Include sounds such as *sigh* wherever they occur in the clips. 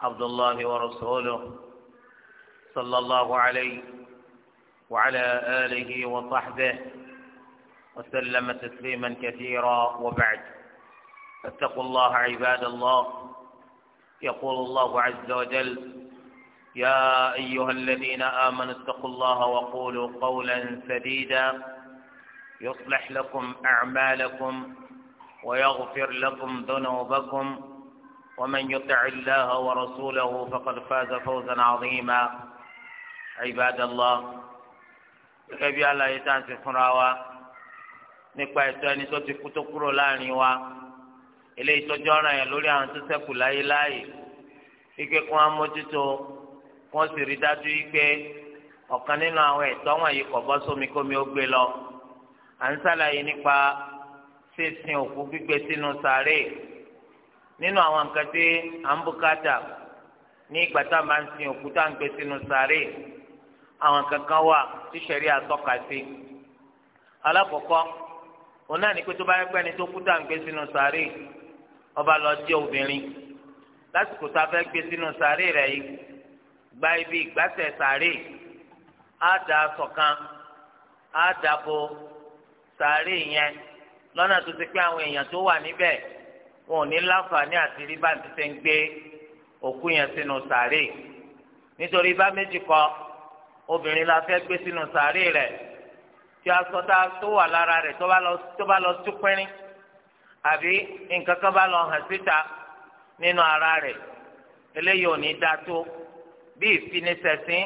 عبد الله ورسوله صلى الله عليه وعلى آله وصحبه وسلم تسليما كثيرا وبعد فاتقوا الله عباد الله يقول الله عز وجل يا أيها الذين آمنوا اتقوا الله وقولوا قولا سديدا يصلح لكم أعمالكم ويغفر لكم ذنوبكم ومن يطع الله ورسوله فقد فاز فوزا عظيما عباد الله كيف يا الله يتانسي فراوا nípa ẹ̀tọ́ ẹni tó ti kú tó kúrò wa eléyìí tó ike kí wọn mójútó sì rí dájú pé ọ̀kan nínú àwọn ẹ̀tọ́ wọ̀nyí kò bọ́ sómi kómi ó gbé lọ à ń sàlàyé nípa òkú gbígbé nínú àwọn nǹkan tí à ń bùkátà ní ìgbà tá a máa ń sin òkú tá à ń gbé sínú sàárè àwọn kankan wà tí sẹ̀rí àtọ́ka sí. alákọ̀ọ́kọ́ òun náà ní pé tó bá yẹ pé ẹni tó kú tá à ń gbé sínú sàárè ọba lọ jẹ́ obìnrin lásìkò tá a fẹ́ gbé sínú sàárè rẹ̀ yìí gba ibi ìgbásẹ̀ sàárè á da aṣọ á dàbò sàárè yẹn lọ́nà tó ti pé àwọn èèyàn tó wà níbẹ̀ wọn ò ní láǹfààní àti rí bá ti ṣe ń gbé òkú yẹn sínú sàárè nítorí bá méjì kọ obìnrin la fẹ́ gbé sínú sàárè rẹ̀ tí aṣọ tá a tó wà lára rẹ̀ tó bá lọ tú pínrín àbí nǹkan kan bá lọ hàn síta nínú ara rẹ̀ eléyìí ò ní dá tó bí ìfinisẹ̀sìn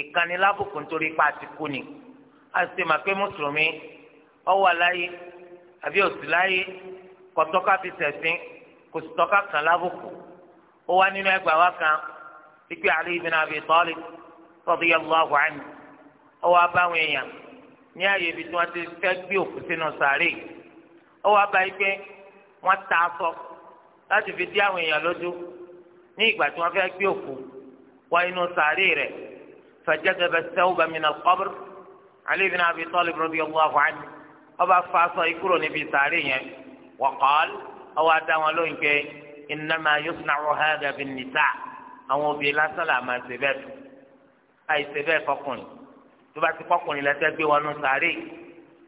ìkanilábùkún torí pa àti kú ni a sì máa pé mùsùlùmí ó wà láyé àbí ó láyé kọtọka fi sẹsìn kò sì tọ́ka kan lábùkù ó wá nínú ẹgbà wa kan pípé Ali ibn Abi Talib radiyallahu anhu ó wá bá àwọn èèyàn ní ààyè ibi tí wọ́n ti fẹ́ gbé òkú sínú sàárè ó wá bá ipé wọ́n ta aṣọ láti fi dí àwọn èèyàn lójú ní ìgbà tí wọ́n fẹ́ gbé òkú wọ inú sàárè rẹ̀ fajadaba thawba min al-qabr Ali ibn Abi Talib radiyallahu anhu ó bá fa aṣọ yìí níbi sàárè yẹn wọ́kọ́l ọwọ́ adá wọn lóyún pé innama yusna'u hadha bin nisa àwọn obìnrin lásán là máa ṣe bẹ́ẹ̀ tó àìṣe bẹ́ẹ̀ fọkùnrin tó bá ti fọkùnrin lẹ́sẹ̀ gbé wọnú sàárè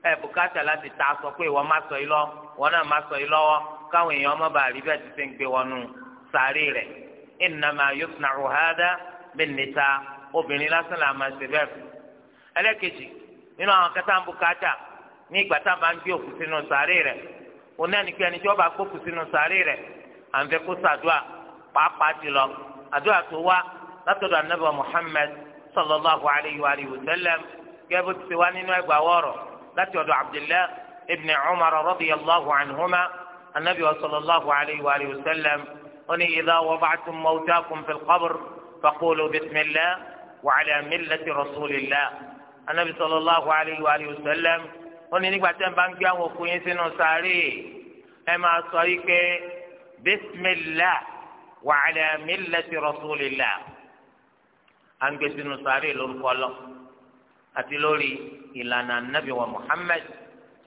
ẹ̀ bùkátà láti ta aṣọ pé ìwọ má sọ yìí lọ wọn náà má sọ yìí lọ́wọ́ káwọn èèyàn má bàa rí bẹ́ẹ̀ ti ṣe ń gbé wọnú sàárè rẹ̀ innama yusna'u hadha bin nisa obìnrin lásán là máa ṣe bẹ́ẹ̀ fún ẹlẹ́kejì nínú àwọn kẹta ń bùkátà ní ìgbà tá a bá ń gbé òkú sínú sàárè rẹ̀ òun náà ní pé ẹni tí wọ́n bá gbókù sínú sàárè rẹ̀ à ń fẹ́ kó sàdúà pàápàá jùlọ àdúrà tó wá látọ̀dọ̀ ànábì Muhammad sallallahu alayhi wa alihi wa sallam gẹ́gẹ́ bó ti ṣe wá nínú ẹgbà wọ́ọ̀rọ̀ láti ọ̀dọ̀ Abdullah ibn Umar radiyallahu anhuma anabi wa sallallahu alayhi wa alihi wa sallam oni idha wada'tum mawtakum fil qabr faqulu bismillah wa ala millati rasulillah anabi sallallahu alayhi wa alihi wa sallam ó ní nígbà tẹ́ ń bá ń gbé àwọn òkú yín sínú sáré ẹ máa sọ yìí pé bísímìlá wa ala millati rasulillah à ń gbé sínú sáré lórúkọ lọ àti lórí ìlànà nabi wa muhammad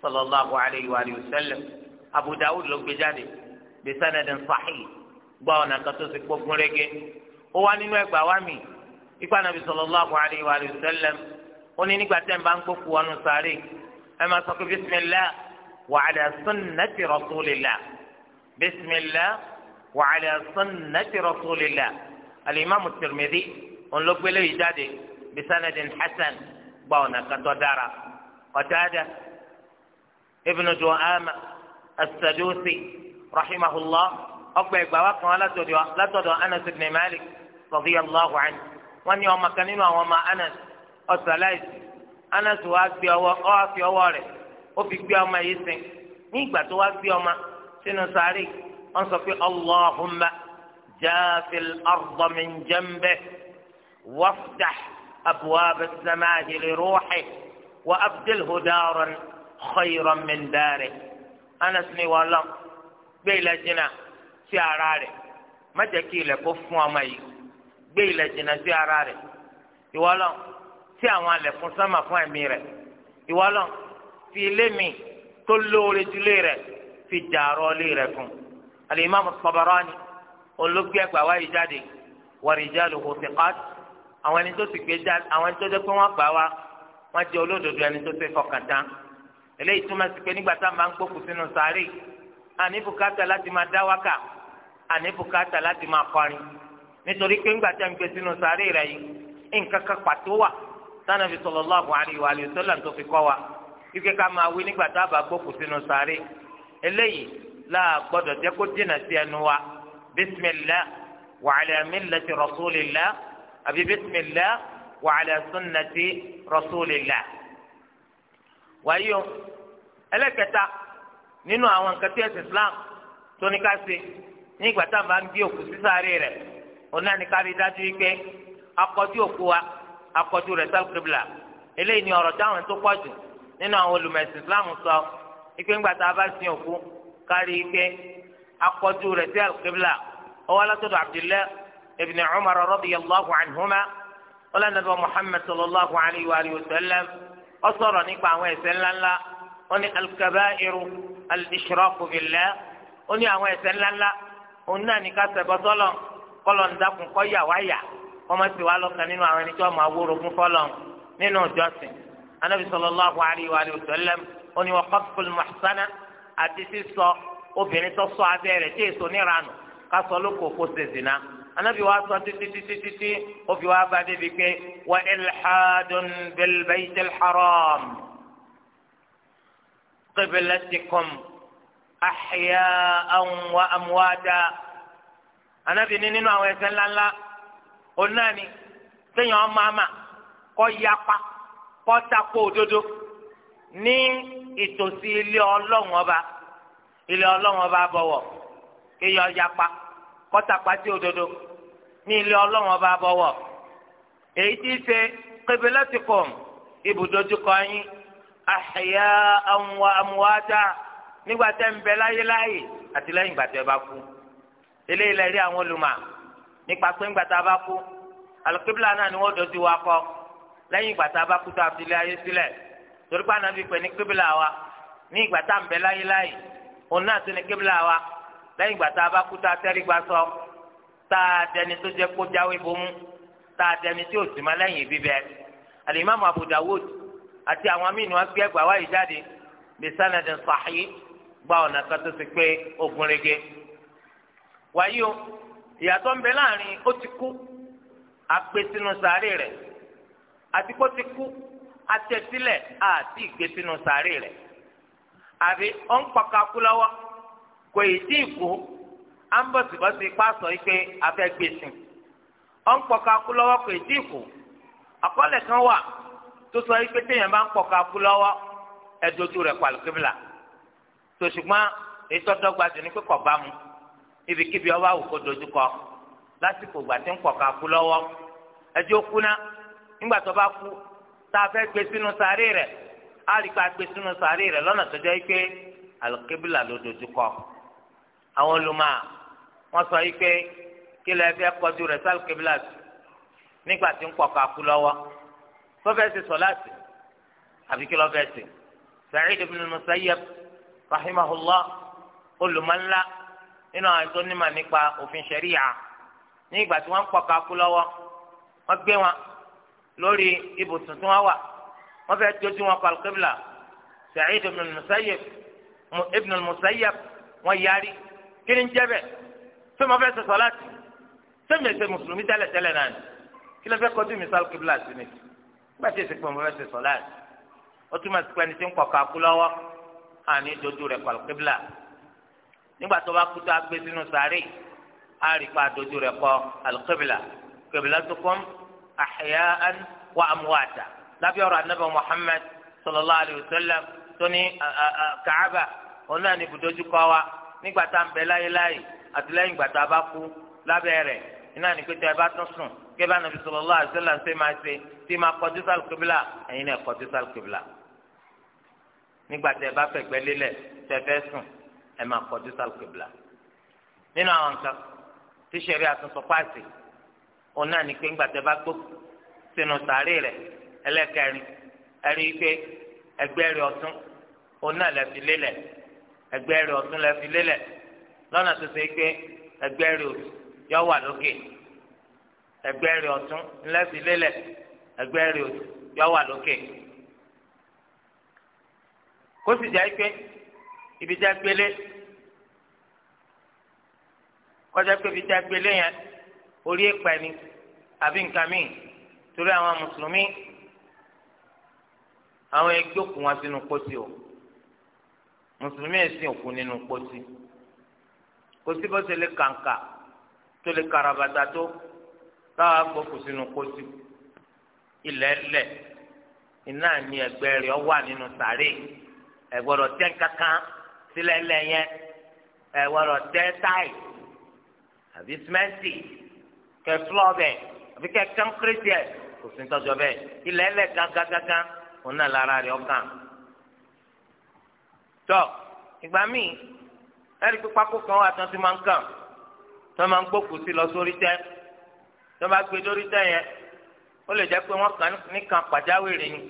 sallallahu alayhi wa sallam abu dawud ló gbé jáde bí sanadin sahih gba ọ̀nà kan tó ti kó gúnrégé ó wá nínú ẹgbà wá mi ipa nàbì sallallahu alayhi wa sallam ó ní nígbà tẹ́ ń bá ń gbókù ọ̀nù sáré. أما تقول بسم الله وعلى سنة رسول الله بسم الله وعلى سنة رسول الله الإمام الترمذي أنلقب له جادي بسند حسن بونا قد ودارا قتادة ابن جوآم السدوسي رحمه الله أقبل بواقع لا تدوى لا تدوى أنس بن مالك رضي الله عنه وأن يوم كان وما أنس أسلايس Anas wa gbé ọwọ́ ọ wá fi ọwọ́ rẹ̀ ó fi gbé ọmọ yìí sìn ní ìgbà tó wá gbé ọmọ sínú sáré wọ́n sọ pé Allahumma jaafil arda min jambe wafdah abwaab as-samaa'i wa abdul daaran khayran min daari Anas ni wàllu gbé ilẹ̀ jìnnà sí ara rẹ̀ má jẹ́ kí ilẹ̀ kó fún ọmọ yìí gbé ilẹ̀ jìnnà sí ara rẹ̀ ìwọ́lọ́. sí àwọn alẹ̀kùn sánmà fún ẹ̀mí rẹ̀ ìwọ lọ fi ilé mi tó lóore jùlé rẹ̀ fi dàrọ́ ilé rẹ̀ fún al-Imam Tabarani olóògbé ẹgbàá wáyé jáde wa rijaluhu thiqat àwọn ẹni tó sì gbé jáde àwọn ẹni tó jẹ́ pé wọ́n gbà wá wọ́n jẹ́ olódodo ẹni tó ṣe fọkàn tán eléyìí túmọ̀ sí pé nígbà tá a máa ń gbókù sínú sáré àní bùkátà láti máa dá wákà àní bùkátà láti máa kọrin nítorí pé ńgbà tá a ń gbé sínú sáré rẹ̀ yìí nǹkan kan pàtó wà sanabi sallallahu alayhi wa sallam tó fi kọ́ wa ike ká máa wí nígbà tá a bá gbókù sínú sáré eléyìí láà gbọ́dọ̀ jẹ́ kó dínà sí ẹnu wa bisimilah wa ala millati rasulillah àbí bisimilah wa ala sunnati rasulillah. wàyí o ẹlẹ́kẹta nínú àwọn nǹkan tí ẹ̀sìn islam tó ní nígbà tá a bá ń gbé òkú sí sáré rẹ̀ ní ká rí dájú wípé akọ́jú òkú wa akọjú rẹ̀ sálùkébìlà eléyìí ni ọ̀rọ̀ táwọn tó pọ̀ jù nínú àwọn olùmẹ̀sìn islam sọ ipe ńgbà tá a bá sin òkú kárí ipe akọjú rẹ̀ sí alùkébìlà ọwọ́ alátọ́dọ̀ abdullahi ibn umar radiyallahu anhuma ọlọ́nàbọ̀ muhammad sallallahu alayhi wa alihi wa sallam ó sọ̀rọ̀ nípa àwọn ẹ̀ṣẹ̀ ńláńlá ó ní alkabairu alishraku billah ó àwọn ẹ̀ṣẹ̀ ńláńlá òun náà ní ká ṣẹbọ sọ́lọ̀ wáyà kọ́mọ sí wa lọ́kàn nínú àwọn ẹni tí wọ́n máa wóró fún fọ́lọ́n nínú ìjọsìn anábì sallallahu alayhi wa sallam ó ní wa qadful muhsana àti sísọ obìnrin tó sọ abẹ́ rẹ̀ tí èso níranù ká sọ lóko kó ṣe zina anábì wa sọ títí títí títí ó fi wá bá débi pé wa ilhadun bil haram qiblatikum ahya'an wa amwata anábì ní nínú àwọn ẹ̀ṣẹ̀ ńláńlá onáni téèyàn máma kọ́ yapa kọ́ takò òdodo ní ìtòsí ilé ọlọ́run ọba ilé ọlọ́run ọba bọ̀wọ̀ kéèyàn yapa kọ́ takpa sí òdodo ní ilé ọlọ́run ọba bọ̀wọ̀ èyí tí í ṣe qiblatikum ibùdójúkọ yín àhìyá àwọn amúwájà nígbà tẹ́ ń bẹ láyé láyé àti lẹ́yìn ìgbà tẹ́ bá kú eléyìí lẹ́rí àwọn olùmọ̀ nípa pé ńgbà tá a bá kú alùkébìlà náà ni wọ́n dọ̀tí wa kọ́ lẹ́yìn ìgbà tá a bá kú tá a fi lé ayé sílẹ̀ torí pé ànábì pè ní kébìlà wa ní ìgbà tá ń bẹ láyé láyé òun náà tún ní kébìlà wa lẹ́yìn ìgbà bá kú tá a sọ tá a dẹni tó jẹ́ kó jáwé bomú tá a dẹni tí ò sì má lẹ́yìn bíbẹ alimami Abu Dawud àti àwọn amínú wa gbé ẹgbàá wáyé jáde bí sanadin sahih gba ọ̀nà kan tó ti pé ogun rege wáyé o ìyàtọ̀ ń bẹ láàrin ó ti kú àgbé sínú sàárè rẹ̀ àti kó ti kú atẹ́sílẹ̀ àti ìgbé sínú sàárè rẹ̀ àbí ó ń pọkà kú lọ́wọ́ kò ì tí ì kú à ń bọ̀ síbọ̀ sí ipá sọ pé afẹ́ gbé sí ó ń pọkà kú lọ́wọ́ kò ì tí ì kú àkọọ́lẹ̀ kan wà tó sọ pé téèyàn bá ń pọkà kú lọ́wọ́ ẹ rẹ̀ pàlùkìbìlà tòṣùgbọ́n ètò ọ̀dọ́gba jù ní pé kò bá mu. ibikíbi ọba àwùkọ dojúkọ lásìkò ìgbà tí ń pọ̀ ká kú lọ́wọ́ ẹjọ́ kú nígbà tó bá kú tá a fẹ́ gbé sínú sàárè rẹ̀ á rí ká gbé sínú sàárè rẹ̀ lọ́nà tó jẹ́ pé alùkébìlà ló dojúkọ àwọn olùmọ̀ sọ yìí pé kí lè fẹ́ kọjú rẹ̀ sálùkébìlà nínú àwọn tó nímọ̀ nípa òfin ṣẹ̀ríyà ní ìgbà tí wọ́n ń pọ̀ka kú lọ́wọ́ wọ́n gbé wọn lórí ibùsùn tí wọ́n wà wọ́n fẹ́ tójú wọn kọ́ kíbla Sa'id ibn al-Musayyib ibn al-Musayyib wọ́n yarí kí ni ń jẹ́ bẹ́ẹ̀ fẹ́ mọ́ fẹ́ sọ̀sọ́ láti sẹ́mi ẹ̀sẹ̀ mùsùlùmí tẹ́lẹ̀ tẹ́lẹ̀ náà ni kí ló fẹ́ kọjú misal kíbla sí ni nígbà tí èsì pé mo fẹ́ sọ̀sọ́ láti ó túmọ̀ sí pé ẹni tí ń pọ̀ka kú lọ́wọ́ àní dojú rẹ̀ kọ́ kíbla nígbà tó bá kú tó agbé sínú sàárè á rí pa dojú rẹ̀ kọ al-qibla qiblatukum ahya'an wa amwata lábẹ́ ọ̀rọ̀ anabi muhammad sallallahu alayhi wa sallam tó ní kaaba òun náà ní ibùdójú kọ wa nígbà tá à ń bẹ láyéláyé àti lẹ́yìn ìgbà bá kú lábẹ́ rẹ̀ iná ní pété ẹ bá tún sùn kí ẹ bá nàbí sallallahu alayhi wa sallam ṣe máa ṣe tí máa kọjú sálù qibla ẹ̀yin náà kọjú sálù qibla nígbà tẹ ẹ bá fẹ̀gbẹ́ lélẹ̀ tẹ fẹ́ sùn ẹ máa kọjú sálùkìbìlà nínú àwọn nǹkan tí sẹ́rí àtúntò pàṣẹ òun náà ní pé ńgbà tẹ bá gbó sínú sàárè rẹ ẹlẹ́kẹrin ẹrí pé ẹgbẹ́ rẹ ọ̀tún òun náà lẹ fi lélẹ̀ ẹgbẹ́ rẹ ọ̀tún lẹ fi lélẹ̀ lọ́nà tó ṣe pé ẹgbẹ́ rẹ yọ wà lókè ẹgbẹ́ rẹ fi lélẹ̀ ẹgbẹ́ rẹ yọ wà lókè kó sì jẹ́ pé. ibi tẹ́ gbélé kọjá pé ibi tẹ́ gbélé yẹn orí èpè ni àbí nǹkan míì torí àwọn mùsùlùmí àwọn ẹgbẹ́ òkú wọn sínú kòtì o mùsùlùmí ẹ̀sìn òkú nínú kòtì kòtì bó ṣe lè kàǹkà tó lè karabata tó táwa gbókù sínú kòtì ilẹ̀ lẹ̀ iná ni ẹgbẹ́ rẹ̀ wà nínú sàárè ẹ̀gbọ́dọ̀ tẹ́ ń sílẹ̀ ńlẹ̀ yẹn ẹ wọ́rọ̀ tẹ́ táì àbí símẹ́ǹtì kẹ fúlọ̀ bẹ̀ àbí kẹ kọ́ńkírìtì ẹ̀ kò sí tọ́jọ́ bẹ́ẹ̀ ilẹ̀ ńlẹ̀ gángangán òun náà lára rẹ̀ ọkàn. tọ́ ìgbà míì ẹ̀rí pípákó kan wà tán ti máa ń kàn tó máa ń gbókùú sí lọ sórí tẹ́ tó bá gbé lórí tẹ́ yẹn ó lè jẹ́ pé wọ́n kàn níkan pàjáwìrì ni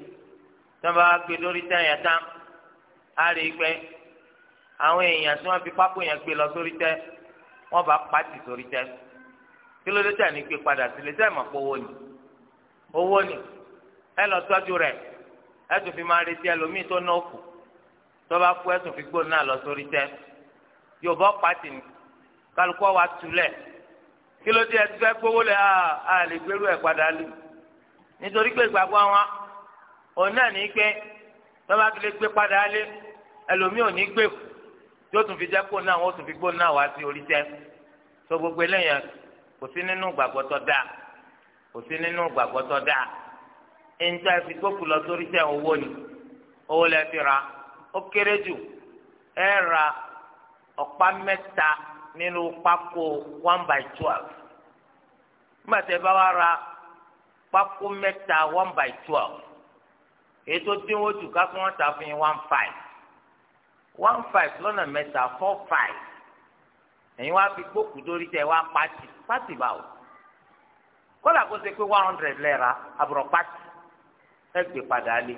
tó bá gbé lórí tẹ́ yẹn tán á rí i pé àwọn èèyàn tí wọ́n fi pákó yẹn gbé lọ sórí tẹ́ wọ́n bá pàtì sórí tẹ́ kí ló dé tẹ̀ ní pé padà sílé tẹ́ mọ̀ pé owó ni owó ni ẹ lọ tọ́jú rẹ̀ ẹ tún fi máa retí ẹlòmíì tó ná òkú tó bá kú ẹ tún fi gbóná lọ sórí tẹ́ yóò bọ́ pàtì ni kálukú wa tulẹ̀ kí ló dé ẹ ti fẹ́ gbówó lẹ̀ á ah, lè gbérú ẹ̀ padà lù nítorí pé ìgbàgbọ́ wọn òun náà ní pé tó bá fi lè gbé padà lé ẹlòmíì ò ní gbé kù tí ó tún fi jẹ́ kó náà ó tún fi náà wá sí orí gbogbo eléyàn kò sí nínú ìgbàgbọ́ tó dáa kò sí nínú ìgbàgbọ́ tó dáa fi gbókù lọ sórí owó ni owó lẹ fi ra ó kéré jù ẹ ra ọ̀pá mẹ́ta nínú pákó one by twelve nígbà bá ra pákó mẹ́ta one by twelve dínwó jù ká one five lọ́nà mẹ́ta four five ẹ̀yin wá fi gbókù dórí tẹ wá pàtì pàtì báwo kọ́lá kó ṣe pé one hundred lẹ́ra àbúrò pàtì ẹ gbé padà lé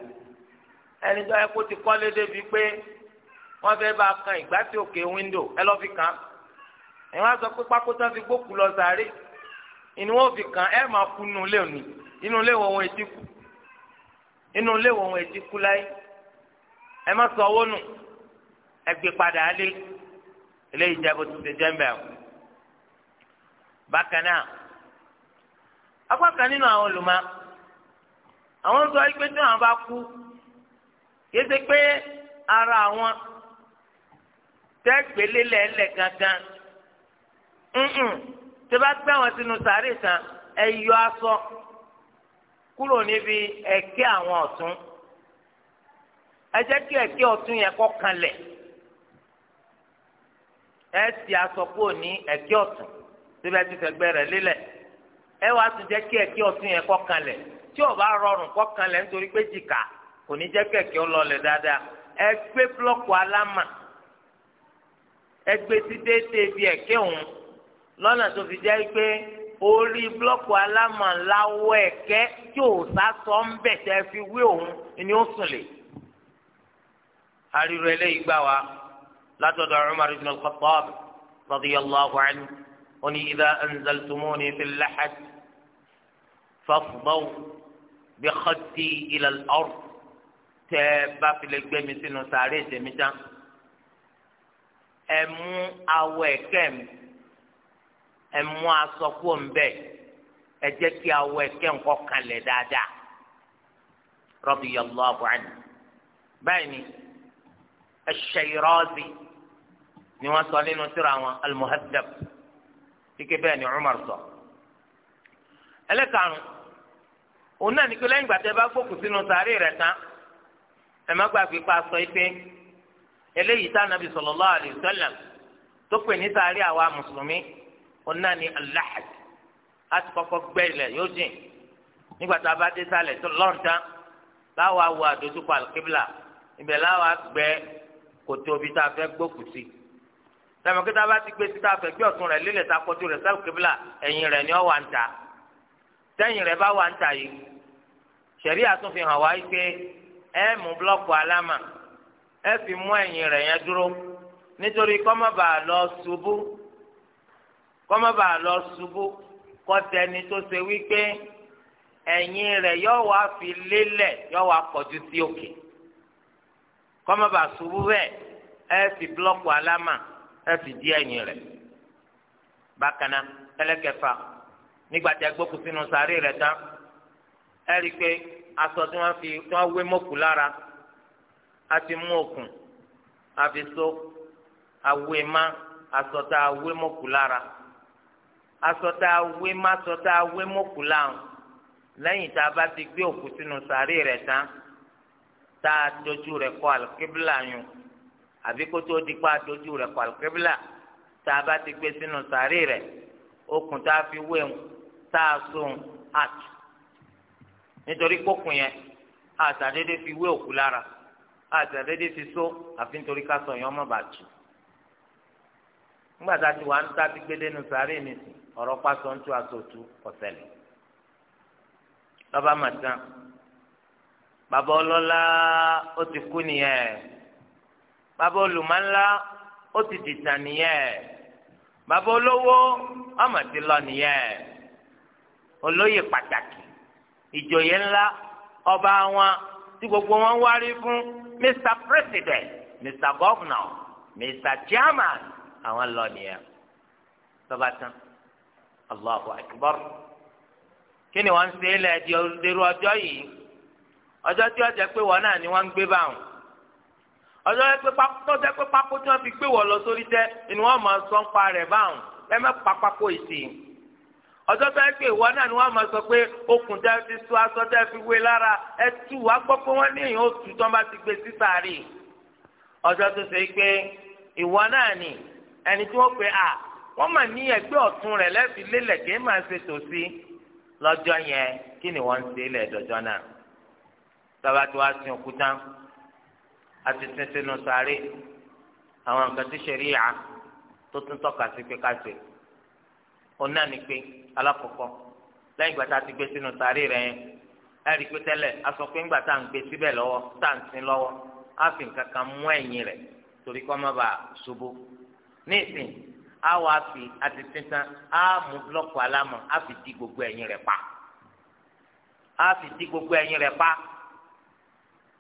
ẹni tó yẹ kó ti kọ́lé débi pé wọ́n fẹ́ bá kan ìgbà tí òkè wíńdò ẹ lọ́ fi kàn ẹ wọ́n á sọ pé pákótó fi gbókù lọ sàárè inú wọn fi kàn ẹ máa kú inú ilé òní inú ilé wọn wọn etí kú inú ilé wọn wọn etí kú láyé ẹ má sọ owó nù ẹgbẹ́ padà lé eléyìí jẹ́ bó ti ṣe jẹ́ mbẹ́ o. bákan náà apá kan nínú àwọn olùmọ̀ àwọn sọ pé tí wọn bá kú yéé ṣe pé ara àwọn tẹ́gbélé lẹ́lẹ̀ gangan nnn tí bá gbé àwọn sínú sàárè tán ẹ yọ aṣọ kúrò níbi ẹ̀kẹ́ àwọn ọ̀tún ẹ jẹ́ kí ẹ̀kẹ́ ọ̀tún yẹn kọ́ kanlẹ̀ ẹ sì ní ẹ̀kẹ́ ọ̀tún síbẹ̀ ti fẹ̀gbẹ́ rẹ̀ lélẹ̀ ẹ wàá tún jẹ́ kí ẹ̀kẹ́ ọ̀tún yẹn kọ́ tí bá rọrùn kọ́ nítorí pé jìkà kò ní jẹ́ kẹ̀kẹ́ ọ lọlẹ̀ dáadáa ẹ gbé blọ́ọ̀kù alámà ẹ gbé sí déédéé bíi ẹ̀kẹ́ òun lọ́nà tó fi jẹ́ pé orí blọ́ọ̀kù alámà ẹ̀kẹ́ tí sá sọ ń wa لا تدع عمر بن الخطاب رضي الله عنه اني إذا أنزلتموني في اللحد فافضوا بخدي إلى الأرض تابا في الجيم سنو ساريس مجا أمو أويكم أمو أصفون بي أجكي أويكم قوكا لدادا رضي الله عنه بيني الشيرازي ni wọ́n sọ nínú tírà wọn al-muhaddab kíkẹ́ bẹ́ẹ̀ ni Umar sọ. ẹlẹ́karùn-ún òun náà ní pé lẹ́yìn gbàtẹ́ bá gbókùn sínú sàárè rẹ̀ tán ẹ má gbàgbé pa sọ pé eléyìí tá nàbì sallallahu alaihi wasallam tó pè ní sàárè àwa mùsùlùmí òun náà ní al á ti kọ́kọ́ gbẹ́ ilẹ̀ yóò jìn nígbà tá a bá dé sálẹ̀ tó lọ́ǹtán láwa wo àdójúkọ al-qibla láwa gbẹ́ kòtò bí tá a fẹ́ gbókùn sẹ́mi kí tá a bá ti gbé síta fẹ́ gbé ọ̀tún rẹ̀ lílẹ̀ ta kọjú rẹ̀ sẹ́wù kébìlà ẹ̀yìn rẹ̀ ni ó wà ń ta tẹ́yìn rẹ̀ bá wà ń ta yìí ṣẹ̀rí àtúnfi hàn wá pé ẹ mú blọ́ọ̀kù aláma ẹ fi mú ẹ̀yìn rẹ̀ yẹn dúró nítorí kọ́mọ́bà lọ ṣubú kọ́mọ́bà lọ ṣubú kọ́tẹ́ni tó ṣe wípé ẹ̀yìn rẹ̀ yọ wá fi lélẹ̀ yọ wá kọjú sí òkè kọ́mọ́bà ṣubú bẹ́ẹ̀ ẹ fi blọ́ọ̀kù aláma ẹ sì di ẹ̀yìn rẹ̀ bákan náà ẹlẹ́kẹfà nígbà tí a gbókùn sínú sàárè rẹ̀ tán ẹ rí pé aṣọ tí wọ́n fi tí wọ́n wé mọ́kù lára a ti mú òkun a fi so awé má aṣọ tá a wé mọ́kù lára aṣọ tá a wé má aṣọ tá a wé mọ́kù láhùn lẹ́yìn tá a bá ti gbé òkú sínú sàárè rẹ̀ tán tá a dojú rẹ̀ kọ àlùkébílà yùn àfi kó tó di pa dojú rẹ̀ kọ àlùkébílà tá a bá ti gbé sínú sàárè rẹ̀ okùn tá a fi wé ń tá a sún àtù nítorí kókùn yẹn àtàdédé fi wé òkú lára àtàdédé fi só àfi nítorí ká sọ yẹn ọmọ bàtù nígbà tá a ti wà ń tá a ti gbé dénú sàárè nìsín ọ̀rọ̀ pásọ ń tú àtòtú ọ̀sẹ̀lẹ̀ lọ́ba màtán bàbá ọlọ́lá ó ti kú nìyẹn bàbá olùmọ̀ńlá ó ti dìtà nìyẹn bàbá olówó ọmọ ti lọ nìyẹn olóyè pàtàkì ìjòyè ńlá ọba wọn tí gbogbo wọn wárí fún mr president mr governor mr chairman àwọn lọ nìyẹn tọ́ba tán allahu akbar kí ni wọ́n ń ṣe é lẹ́ẹ̀dì ọdẹrú ọjọ́ yìí ọjọ́ tí ọjà pé wọn náà ni wọ́n ń gbé báwọn ọjọ́ ẹ pé tọ́jú ẹ pé pákó tí wọ́n fi gbé wọ̀ lọ sórí tẹ́ ni wọ́n máa sọ ń pa rẹ̀ báwọn ẹ mẹ́ pápákó ìsìn ọjọ́ tó ẹ pé ìwọ náà ni wọ́n máa sọ pé okùn tẹ́ fi so aṣọ tẹ́ fi wé lára ẹ tú wá gbọ́ pé wọ́n ní èèyàn òtù tó bá ti gbé sísàárì ọjọ́ tó ṣe pé ìwọ náà ni ẹni tí wọ́n pe à wọ́n mà ní ẹgbẹ́ ọ̀tún rẹ̀ lẹ́fi lélẹ̀ kí máa àti tẹ̀sínú sáré àwọn nǹkan tí ṣẹ̀ríyà tó tún tọ́ka sí pé ká ṣe ó náà ní pé alákọ̀ọ́kọ́ lẹ́yìn ìgbà tá a ti gbé sínú sáré rẹ̀ yẹn ẹ̀rí pé tẹ́lẹ̀ a sọ pé ńgbà tá à ń gbé síbẹ̀ lọ́wọ́ tá à ń sin lọ́wọ́ á fi nǹkan kan mú ẹ̀yìn rẹ̀ torí kọ́ má bàa ṣubú ní ìsìn á wàá fi àti títán á mú búlọ́ọ̀kù alámọ̀ á fi di gbogbo ẹ̀yìn rẹ̀ pa á fi di gbogbo ẹ̀yìn rẹ̀ pa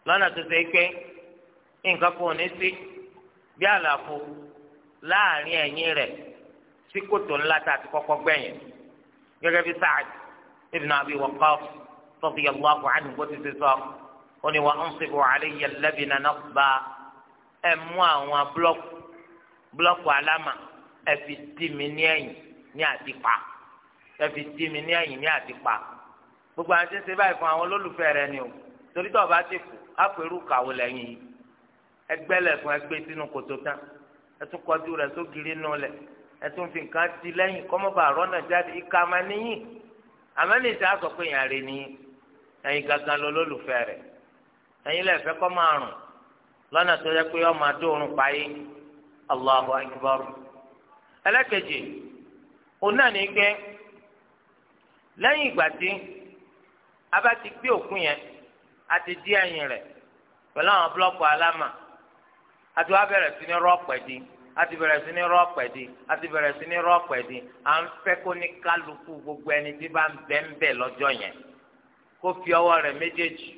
lọ́nà tó ṣe é pé nǹkan kan ò ní sí bí àlàfo láàrin ẹ̀yìn rẹ̀ sí kòtò ńlá tá a ti kọ́kọ́ gbẹ̀yìn gẹ́gẹ́ bí Sa'd ibn Abi Waqqas radiyallahu anhu bó ti ti sọ ó ní wa ansibu alayya al-labina nasba ẹ̀ mú àwọn búlọ́ọ̀kù búlọ́ọ̀kù aláma ẹ̀ fi dì mí ní ẹ̀yìn ní àtìpa ẹ̀ fi dì mí ní ẹ̀yìn ní àtìpa gbogbo àwọn ṣẹṣẹ báyìí fún àwọn olólùfẹ́ rẹ ni o torí bá ti kù á pẹ̀lú kàwé lẹ́yìn yìí. ẹgbẹ́lẹ̀ fún ẹgbẹ́ sínú kòtò kan ẹtún kọjú rẹ̀ sókiri nù lẹ̀ ẹtún fi nǹkan ti lẹ́yìn kọ́mọ́bà rọ́nà jáde ìka máa níyìn àmọ́ ìta sọ pé ìyàrá ni ẹyin gangan lọ lólùfẹ́ ẹyin ẹ̀yin lẹ́fẹ́ kọ́ máa rùn lọ́nà tó yẹ pé ó máa dóorùn páyé Allahu akbar ẹlẹ́kẹ̀jì òun náà ní lẹ́yìn ìgbà tí a bá ti gbé yẹn a ti àti wàá bẹ̀rẹ̀ sí ní rọ́ọ̀pẹ̀ di àti bẹ̀rẹ̀ sí ní rọ́ọ̀pẹ̀ di àti bẹ̀rẹ̀ sí ní rọ́ọ̀pẹ̀ di à ń fẹ́ kó ní kálukú gbogbo ẹni tí bá ń bẹ́ ń bẹ̀ lọ́jọ́ yẹn kó fi ọwọ́ rẹ̀ méjèèjì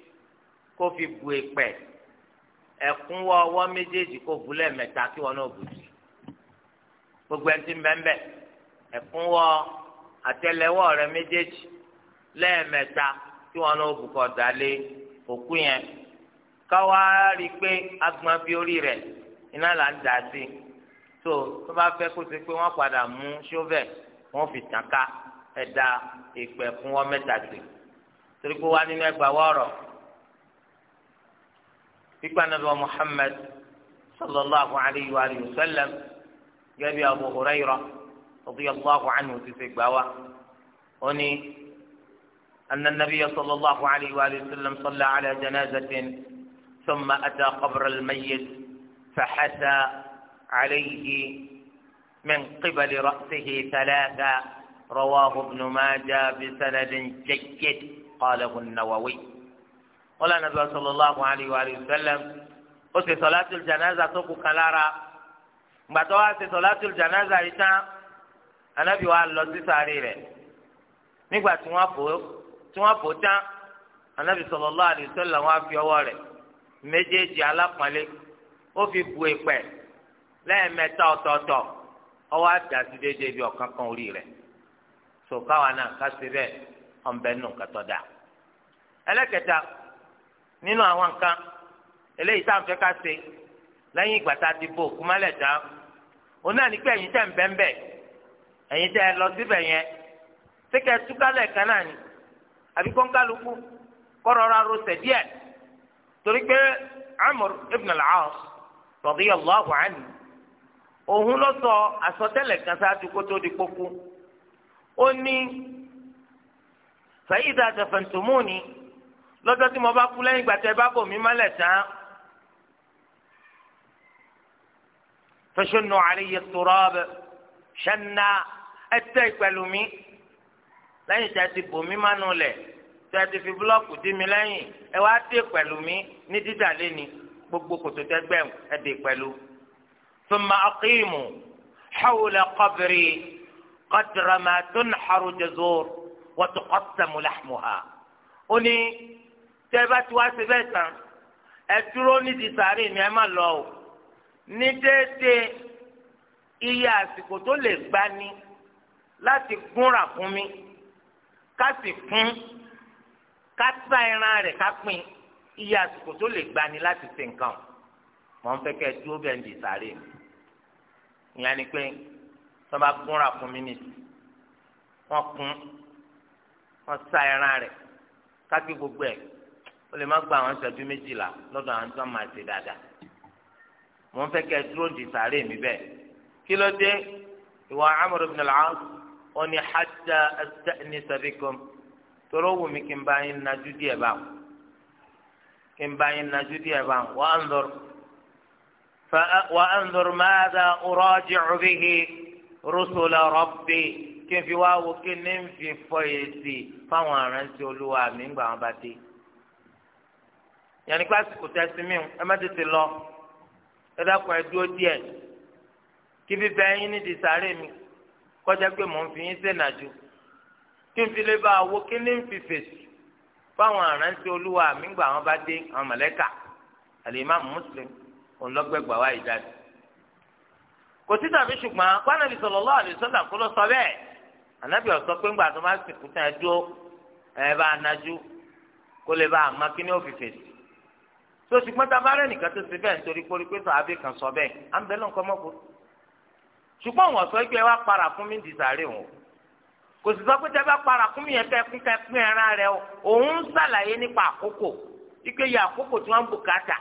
kó fi bu ìpẹ́ ẹ̀kúnwọ́ ọwọ́ méjèèjì kó bu lẹ́ẹ̀mẹ́ta kí wọn náà bùtù gbogbo ẹni tí ń bẹ ń bẹ ẹ̀kúnwọ́ àtẹlẹwọ́ rẹ̀ méjèèjì lẹ́ẹ̀mẹ́ta kí wọn náà bùkọ̀ dálé òkú yẹn káwa rí i pé agbọn bí orí rẹ̀ iná là ń dà sí i tó tó bá fẹ́ kó ṣe pé wọ́n padà mú ṣóvẹ̀ wọ́n fi tàn ká ẹ̀dá ìpẹ́ fún wọn mẹ́ta sí torí pé wá nínú ẹgbàá wọ́ọ̀rọ̀ pípa nàbẹ Muhammad sallallahu alayhi wa sallam gẹ́gẹ́ Abu Hurairah radiyallahu anhu ti ṣe gbà wá ó ní sallallahu alayhi wa sallam salla ala janazatin. ثم أتى قبر الميت فحثى عليه من قبل رأسه ثلاثا رواه ابن ماجه بسند جيد قاله النووي قال النبي صلى الله عليه وآله وسلم أتي صلاة الجنازة تقو كلارا بعدها أتي صلاة الجنازة إتا أنا وآله لسي ساريره نقبع تنوافو تنوافو تنوافو النبي صلى الله عليه وسلم وافي أوله méjèèjì alápọ̀nlé ó fi bu ìpẹ́ lẹ́ẹ̀mẹ́ta ọ̀tọ̀ọ̀tọ̀ ọwọ́ àdásí déédéé bí ọ̀kan kan orí rẹ̀ tó káwa náà kásì bẹ́ẹ̀ ọ̀nbẹ nù kẹtọ́ dà. ẹlẹ́kẹta nínú àwọn nǹkan eléyìí tá fẹ́ ká ṣe lẹ́yìn ìgbà tá a ti náà ní pé tẹ̀ ń tẹ̀ lọ síbẹ̀ yẹn ṣé kẹ́ túkálẹ̀ kan náà ni àbí kọ́ńkálukú díẹ̀ torí pé amr ibn al-aas radiyallahu anhu òun ló sọ àsọtẹ́lẹ̀ kan ṣáájú kó tó di kókó ó ní fa idha dafantumuni lọ́jọ́ tí mo bá kú lẹ́yìn ìgbà tẹ́ bá bò mí mọ́lẹ̀ tán fashunnu alayya turab shanna ẹtẹ́ ìpẹ̀lú lẹ́yìn tí a ti bò mí mọ́nu lẹ̀ tẹ́tí fi búlọ́ọ̀kù dí mi lẹ́yìn ẹ wá dé pẹ̀lú mi ní dídà lẹ́ni gbogbo kòtò tẹ́gbẹ́ ẹ dé pẹ̀lú. thumma aqimu hawla qabri qadra ma tunharu jazur wa tuqassamu lahmuha. ó ní tẹ́ bá ti wá sí bẹ́ẹ̀ tán ẹ dúró nídìí sàárè mi ẹ má lọ o ní déédéé iye àsìkò tó lè gbani láti gúnra fún mi ká sì fún ká sá ẹran rẹ̀ ká pín iye àsìkò tó lè gbani láti ṣe nǹkan mọ̀ ń fẹ́ kẹ́ dúró bẹ́ẹ̀ ń di sáré mi ìyẹn ni pé wọ́n bá gúnra fún mi nìyí wọ́n kún wọ́n sá ẹran rẹ̀ ká gbogbo ẹ̀ ó lè má gba àwọn ìṣẹ́jú méjìlá lọ́dọ̀ àwọn tó máa ṣe dáadáa mò ń fẹ́ kẹ́ dúró di sàárè mi bẹ́ẹ̀ kí ló dé ìwà Amr ibn al-As ó ní hatta asta'nisa tọrọ wù mí kí n bá yín najú díẹ̀ báwọn kí n bá yín najú díẹ̀ báwọn wà á ń dọrọ wà á ń dọrọ máa da ọrọ jẹ ọbẹ yìí rọṣọlá rọbì kí n fi wá wo kí ní n fi fọ èsì fáwọn aránsẹ olúwa mi ń gbà wọn bá dé yàní pásítọ̀ tẹ̀sí mi ẹ má tètè lọ ẹ dákun ẹ dúró díẹ̀ kí bíbẹ́ yín nídìí sáré mi kọjá pé mò ń fi yín sèǹdàjú kí n fi lè bá wo kí ní fi fèsì fáwọn àrántí olúwa mi gbà wọn bá dé àwọn mọ̀lẹ́kà al-Imam Muslim ọlọ́gbẹ́gbà wa ìjáde. kò sí tàbí ṣùgbọ́n pánàbí sallallahu alaihi wasallam kó lọ sọ bẹ́ẹ̀ ànábì ó sọ pé ńgbà tó máa sìnkú tán ẹ dúró ẹ bá a nájú kó lè bá a má kí ní ó fi fèsì. tó ṣùgbọ́n tá a bá rẹ̀ nìkan tó ṣe bẹ́ẹ̀ nítorí pé pé sàábì kan sọ bẹ́ẹ̀ à ń bẹ lọ́nkọ́ mọ́kò ṣùgbọ́n wọ́n sọ kò sì sọ pé tẹ bá para kún mi yẹn kẹkún kẹkún ẹran rẹ o òun ń ṣàlàyé nípa àkókò ike iye àkókò tí wọn ń bùkátà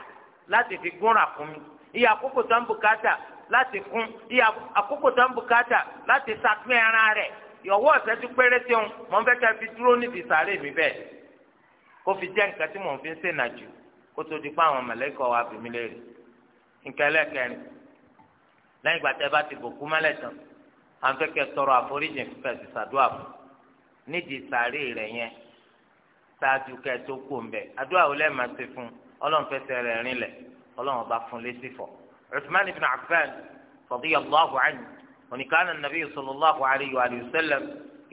láti fi gúnra kún mi iye àkókò tí wọn ń bùkátà láti kún iye àkókò tí wọn ń bùkátà láti sàkún ẹran rẹ ìyọwọ ọsẹ tí péréte ń mọ fẹ kẹ fi dúró níbi sàárè mi bẹ́ẹ̀ kó fi jẹ nǹkan tí mò ń fi ń sènà jù kó tó di pé àwọn mẹlẹkọ wa bìmí lè rí nǹkan ẹlẹkẹrin lẹ́yìn ìgbà tẹ bá ti bòkú mẹlẹ tán à ń fẹ́ kẹ́ tọrọ àforíjì fífẹ́ ti sàdúrà fún nídìí sàárè rẹ̀ yẹn ṣáájú kẹ́ tó kó ń bẹ̀ àdúrà wo lẹ́ẹ̀ máa ṣe fún ọlọ́run fẹsẹ̀ rẹ̀ rinlẹ̀ ọlọ́run bá fún lésì fọ̀ Uthman ibn Affan radiyallahu anhu sallallahu alayhi wa sallam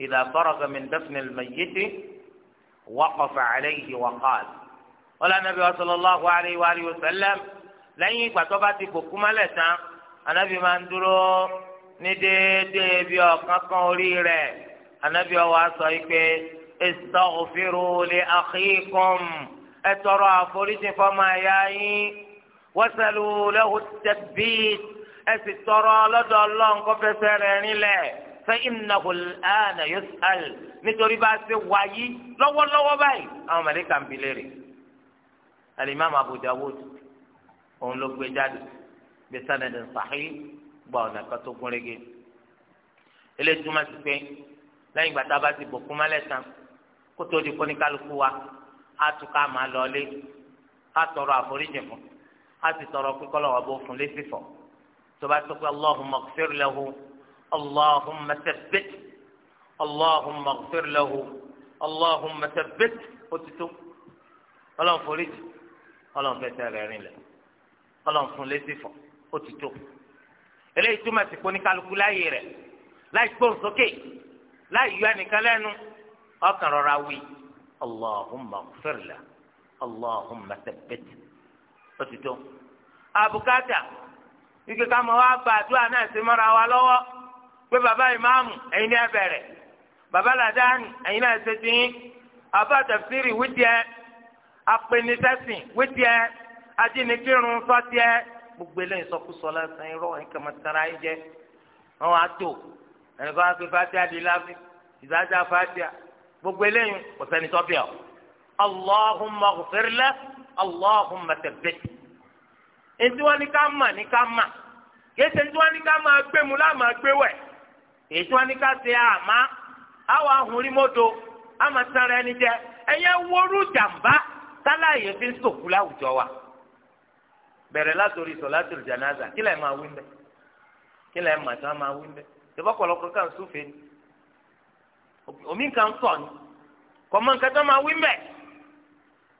idha faraga min dafn al waqafa alayhi wa qala ọlọ́run anabi sallallahu alayhi wa sallam lẹ́yìn ìgbà bá ti gbòkú mọ́lẹ̀ tán anabi máa ń dúró ní déédéé bí ọ̀kan kan orí rẹ̀ anabi ọwọ́ sọ pé istaghfiru li akhikum ẹ tọrọ àforíjì fọmọ ẹ̀yà yín wasalu lahu at-tathbit ẹ sì tọrọ lọ́dọ̀ ọlọ́run kó fẹsẹ̀ rẹ̀ nílẹ̀ fa innahu al-ana yus'al nítorí bá a ṣe wáyé lọ́wọ́lọ́wọ́ báyìí àwọn mẹ̀lẹ́kà ń bilé rè alimami Abu Dawud òun ló gbé jáde bí sanadin sahih gba ọ̀nà kan tó gún régé eléyìí túmọ̀ sí pé lẹ́yìn ìgbà tá a bá ti bòkú mọ́lẹ̀ tán kó tó di kó ní kálukú wa á tún ká máa lọ ilé á tọrọ àforíjì fún á sì tọrọ pípọ́ lọ́wọ́ bó fún létí fọ́ tó bá tó pé allahumma ighfir lahu allahumma thabbit allahumma ighfir lahu allahumma thabbit ó ti tó ọlọ́run foríjì ọlọ́run fẹsẹ̀ rẹ̀ rìn lẹ̀ ọlọ́run fún létí fọ́ ó ti tó. eléyìí túmọ̀ sí pé oníkálukú láàyè rẹ̀ láì gbóhùn sókè láì yọ ẹnìkan lẹ́nu ọkàn rọra wí allahumma ghfirla allahumma thabbit ó ti tó. àbùkátà ike ká mọ wá gba àdúrà náà sí mọ́ra wa lọ́wọ́ pé bàbá ìmáàmù ẹ̀yin ní ẹ̀bẹ̀rẹ̀ bàbá làdáni ẹ̀yin náà ṣe ti yín àbá tafsiri wíjẹ apẹnisẹ́sìn ajínigbérun gbogbo eléyìí sọkúsọ lásán irọ́ nǹkan ịrọ yín jẹ́ àwọn àtò ẹnìkan á fi fatia di láfi ìdájà fatia gbogbo eléyìí kò sẹ́ni tọ́bíà o allahumma ghufirla allahumma tẹ̀bẹ́t ètí wọn ní ká mà ní ká mà kéṣe wọn ni ká máa gbé mu láàmà gbé wẹ̀ wọn ká ṣe àwọn mọ́tò àmà ẹni jẹ ẹ̀yẹ wọ́rú fi wa. bẹ̀rẹ̀ látòrí sọ̀látòl jànáza kí lẹ́ẹ̀ máa wí ń bẹ́ kí lẹ́ẹ̀ máa tán máa wí ń bẹ́ ìbá pọ̀lọpọ̀ kan súfe ni omi kan sọ̀ ni kọ̀mọ́ nǹkan tán máa wí ń bẹ́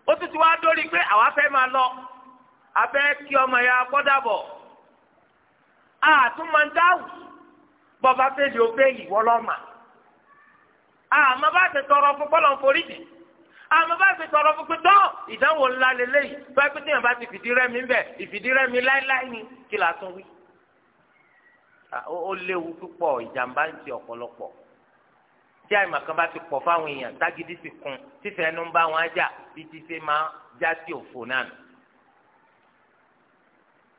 ó tún ti wá dórí pé àwa fẹ́ máa lọ abẹ́ kí ọmọ ya gbọ́dàbọ̀ àtúmọ̀ndáwù bọ́ba fẹ́ lè ó bẹ́ ìwọ́lọ́mà àmọ́ bá ti tọrọ fún bọ́lọ̀ foríjì àmọ́ bá fi tọrọ fún pé tọ́ ìdánwò ńlá lélẹ́yìí bá pété yẹn bá ti fìdí rẹ́mi bẹ̀ ìfìdí rẹ́mi láíláí ni kí la tún wí. ó léwu púpọ̀ ìjàmbá ń ti ọ̀pọ̀lọpọ̀ tí àìmọ̀ kan bá ti pọ̀ fáwọn èèyàn tágídí ti kun tífẹ̀ẹ́ nu ń bá wọn jà bí ti ṣe máa já sí òfò náà nù.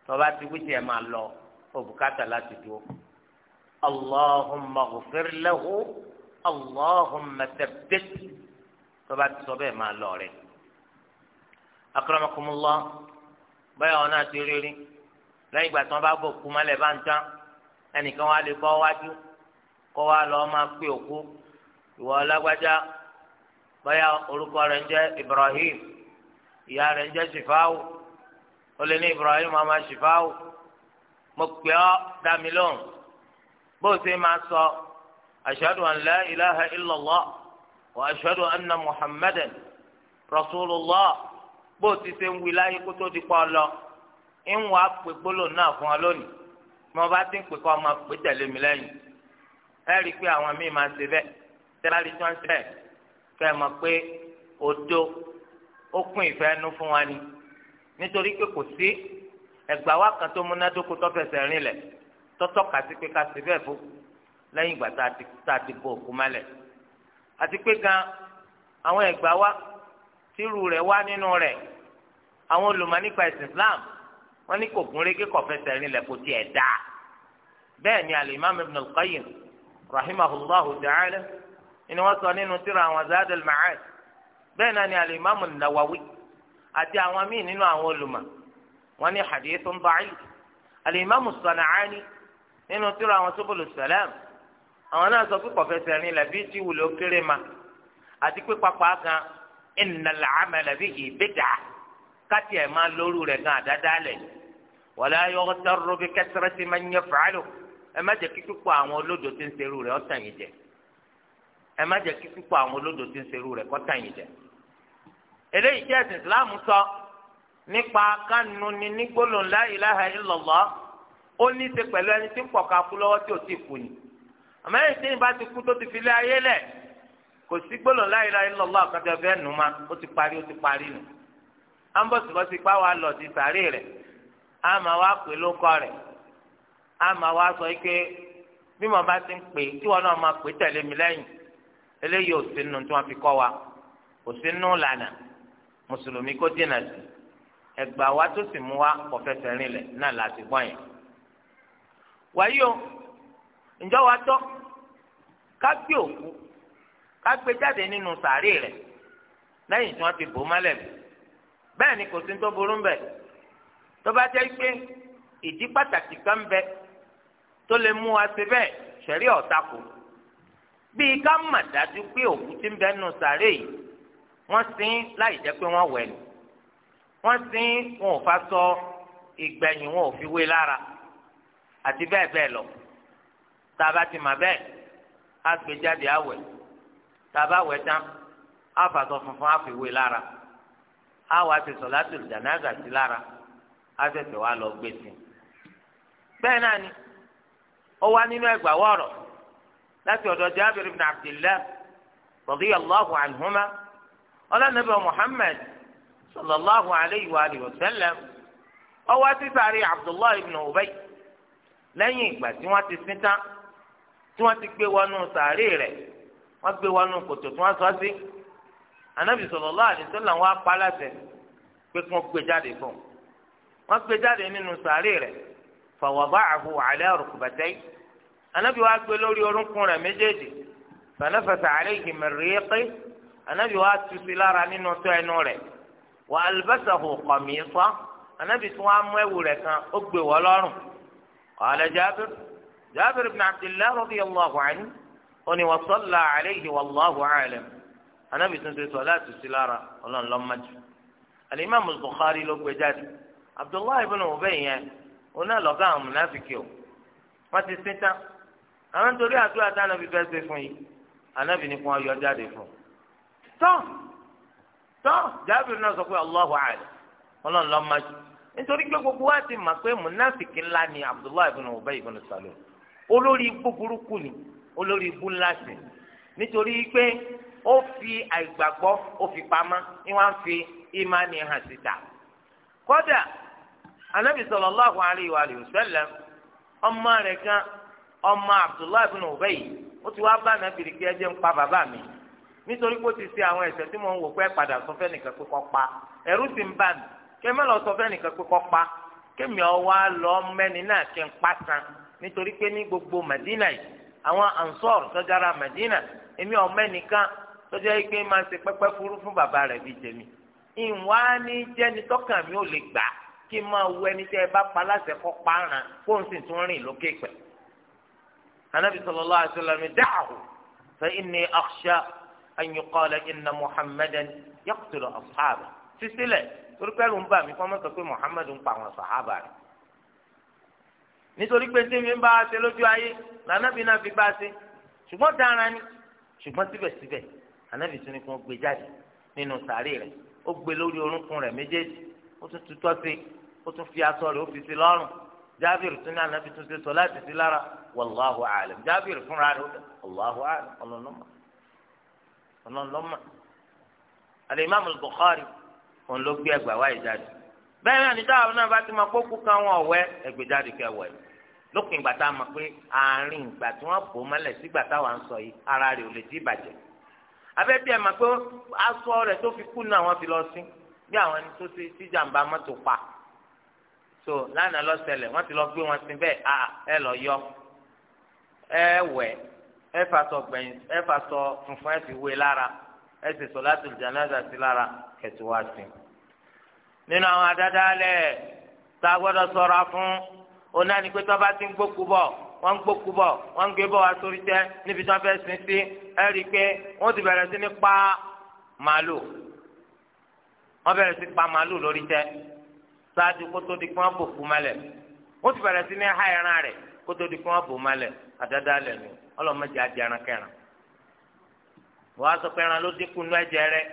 tọ́ba ti wí tiẹ̀ máa lọ òbúkátà láti dúró. allahumma ghfir tọ́ba ti sọ bẹ́ẹ̀ máa lọ rẹ̀ akramakumullah báyọ̀ wọn náà ti rírí lẹ́yìn ìgbà tí wọ́n bá bò kú mọ́lẹ̀ bá ń tán ẹnìkan wá lè bọ́ wájú kọ́ wá lọ máa pé òkú ìwọ ọlágbájá báyà orúkọ rẹ̀ ń jẹ́ Ibrahim ìyá rẹ̀ ń jẹ́ Shifawu ó lè ní Ibrahim ọmọ Shifawu mo pè ọ́ dá bó o ṣe máa sọ ashhadu an la ilaha illallah. وأشهد أن محمدا رسول الله بوتي سن ولاي كتو دي قالا إن واب بقولو نافو ألوني ما باتين كتو ما بتالي ملاي هاري كي أوامي ما سيبه تلالي توان سيبه كما كي odó ó kún ìfẹ́ نتوري fún wa ni nítorí pé kò sí ẹgbàá wa kan tó múnádóko tó fẹsẹ̀ rinlẹ̀ tọ́tọ́ kà sí pé ká sí bẹ́ẹ̀ fún lẹ́yìn ìgbà tá a ti bò òkú mọ́lẹ̀ àti pé gan àwọn ẹ̀gbá wa tírú rẹ̀ wá nínú rẹ̀ àwọn olùmọ̀ nípa ẹ̀sìn Islam wọ́n ní kò gún régé kò fẹsẹ̀ rinlẹ̀ kò tiẹ̀ dá bẹ́ẹ̀ ni al-Imam Ibn al-Qayyim rahimahullahu ta'ala ni wọ́n sọ nínú tírà àwọn Zad al-Ma'ad bẹ́ẹ̀ náà ni al-Imam nawawi àti àwọn míì nínú àwọn olùmọ̀ wọ́n ní hadithun da'if al-Imam as nínú tírà àwọn Subul as àwọn náà sọ pé kọfẹsẹ rin làbí tí wùlò kéré ma àti pé pápá gan ìnàlà àmà làbí ìbẹdà káti ẹ máa lóru rẹ gan àdáda lẹ wàlẹ ayọwọ sọ̀rọ̀ bí kẹsìrẹ ti máa ń yẹ fàálù ẹ má jẹ kí pípọ àwọn olódò tí ń serú rẹ ọtàn yìí jẹ ẹ má jẹ kí pípọ àwọn olódò tí ń serú rẹ kọtàn yìí jẹ eléyìí tí ẹsìn ìsìláàmù sọ nípa kánú ni nígbólóńlá ìlàhà ìlọlọ ó ní í ṣe pẹ̀lú ẹni tí ń pọ̀ ká kú lọ́wọ́ tí ò tí ì kú ni àmọ́ ẹ̀yìn tí ìbá ti kú tó ti fi lé ayé lẹ̀ kò sí gbólóhùn la ilaha illallah àkàtà ọ̀fẹ́ nù ma ó ti parí ó ti parí nù à ń bọ̀ sùgbọ́ sí pa wà lọ ti sàárè rẹ̀ á máa wá pè lóko rẹ̀ á máa wá sọ pé bí mo bá ti ń pè tí wọn náà máa pè tẹ̀lé mi lẹ́yìn eléyìí ò sí nù tí wọ́n fi kọ́ wa kò sí nù lànà mùsùlùmí kó dènà sí ẹgbàá wa tó sì mú wa kọfẹsẹ̀ rìn náà láti gbọ́ yẹn wáyé o ǹjọ́ wa tọ́ ká gbé òkú ká gbé jáde nínú sàárè rẹ̀ lẹ́yìn tí wọ́n ti bò mọ́lẹ̀ bí bẹ́ẹ̀ ni kò sí tó burú bẹ̀ tó bá jẹ́ pé ìdí pàtàkì kan bẹ tó lè mú wa ṣe bẹ́ẹ̀ ṣẹ̀rí ọ̀tá kù bíi ká mà dájú pé òkú ti ń bẹ nínú sàárè yìí wọ́n sin láì jẹ́ pé wọ́n wẹ̀ ni wọ́n sin wọn ò fa sọ ìgbẹ̀yìn wọn ò fi wé lára àti bẹ́ẹ̀ bẹ́ẹ̀ lọ tá a bá ti mà bẹ́ẹ̀ á gbé jáde àwẹ̀ tá a bá wẹ̀ tán á fàtọ̀ funfun á fi wé lára á wàá ti sọ̀látùl jánásà sí lára á ṣẹ̀ṣẹ̀ wá lọ gbé sí i. bẹ́ẹ̀ náà ni ó wá nínú ẹgbà wọ̀rọ̀ láti ọ̀dọ̀ Jábìrì ibn anhuma ọlọ́nàbí Muhammad sallallahu alayhi wa alihi wa sallam ó wá sí Abdullahi ibn Ubay lẹ́yìn ìgbà tí wọ́n ti sin tán tí wọ́n ti gbé wọnú sàárè rẹ̀ wọ́n gbé wọnú kòtò tí wọ́n sọ sí anabi sallallahu alaihi wasallam wọ́n apá láṣẹ pé kí wọ́n gbé jáde fún wọ́n gbé jáde nínú sàárè rẹ̀ fa wada'ahu ala rukbatayhi anabi wọ́n gbé lórí orúnkún rẹ̀ méjèèjì fa nafatha alayhi anabi wọ́n tusi lára nínú tó ẹnu rẹ̀ wa albasahu qamisa anabi tí wọ́n amú ẹ̀wù rẹ̀ kan ó gbé wọ́ lọ́rùn qala Jabir جابر بن عبد الله رضي الله عنه أني وصلى عليه والله عالم أنا بسنت صلاة السلارة الله لما الإمام البخاري لو بجد عبد الله بن أبي هنا لقى منافق wọ́n ti sin tán àwọn nítorí àdúrà tí anabi fẹ́ ṣe fún yìí anabi ni kò wọ́n yọ jáde fún un. tọ́ tọ́ jábìrì náà sọ pé Allahu àlẹ́ ọlọ́run lọ́ọ́ máa jù nítorí pé gbogbo wa ti mọ̀ pé mùnáfìkì ńlá ni Abdullahi ibn Ubay ibn Salul olórí igbó burúkú ni olórí igbó ńlá sí nítorí pé ó fi àìgbàgbọ́ ó fi pamọ́ ni wọ́n fi ìmánì hàn síta kódà anabi sallallahu alayhi wa sallam ọmọ rẹ̀ kan ọmọ abdullahi bin ubay ó ti wa bá anabi rí kí ẹ ń pa bàbá mi nítorí pé ó ti ṣe àwọn tí ń wò pé padà sọ fẹ́ nìkan pé kọ́ pa ẹ̀rú sì ń bà mí kí ẹ má lọ nítorí pé ní gbogbo Madina yìí àwọn ansor sọjára Madina èmi ọmọ ẹnìkan sọjá yìí pé máa ṣe pẹpẹ furu fún bàbá rẹ bíi tèmi ìwà ni jẹni tọkàn mi ò lè gbà kí n máa wọ ẹni tẹ ẹ bá pa aláṣẹ kọ pààràn kó n sì tún rìn lókè pẹ anabi sallallahu alaihi wasallam da'ahu fa inni akhsha an yuqala inna muhammadan yaqtulu ashaaba sísílẹ torí ń bà mí kọ́ mọ́tò pé muhammadu ń pa àwọn sàhábà rẹ̀ nítorí pé tí mi bá a ṣe lójú ayé lànàbí náà fi bá a ṣe ṣùgbọ́n dára ni ṣùgbọ́n síbẹ̀síbẹ̀ ànábì tún ni kí wọ́n gbé jáde nínú sàárè rẹ̀ ó gbé lórí orúnkún rẹ̀ méjèèjì ó tún tutọ́ sí i ó tún fi aṣọ rẹ̀ ó fi sí lọ́rùn jábìrì tún ní ànábì tún ṣe sọ láti sí lára wàláhu àlẹm jábìrì fúnra rẹ̀ ó dẹ̀ wàláhu àlẹm alimami Bukhari òun ló gbé ẹgbàá wáyé jáde bẹ́ẹ̀ náà níta náà bá ti máa kókó kan wọn ọ̀wẹ́ ẹgbẹ́ jáde yìí lópin ìgbà tá a mọ̀ pé àárín ìgbà tí wọ́n bò mọ́lẹ̀ sígbà táwa ń sọ yìí ara rẹ̀ ò lè ti bàjẹ́ abẹ́bí ẹ̀ mọ̀ pé aṣọ rẹ̀ tó fi kú náà wọ́n fi lọ sí bí àwọn ẹni tó ṣe síjàmbá mọ́tò pa so lánàá lọ ṣẹlẹ̀ wọ́n ti lọ gbé wọn sí bẹ́ẹ̀ a ẹ lọ yọ ẹ wẹ̀ ẹ fasọ gbẹ̀yìn ẹ fasọ funfun ẹ fi wé e lára ẹ sì sọ láti jànáza sí lára kẹtù wá sí nínú àwọn adádálẹ̀ tá a gbọ́dọ̀ ṣọ́ra fún òun náà ni pé tó bá ti ń gbókù bọ̀ wọ́n ń gbókù bọ̀ wọ́n ń gbé bọ̀ wá sórí tẹ́ níbi tó fẹ́ sin sí ẹ rí i pé wọ́n ti bẹ̀rẹ̀ sí ní pa màálù wọ́n bẹ̀rẹ̀ sí pa màálù lórí tẹ́ ṣáájú kó tó di kí wọ́n bò fún malẹ̀ wọ́n ti bẹ̀rẹ̀ sí ní ha ẹran rẹ̀ kó tó di kí wọ́n bò malẹ̀ àdáda lẹ̀ nù ọlọ́mọdé adì ẹran kẹran wọ́n á sọ pé ẹran ló dínkù nú ẹ̀jẹ̀ rẹ̀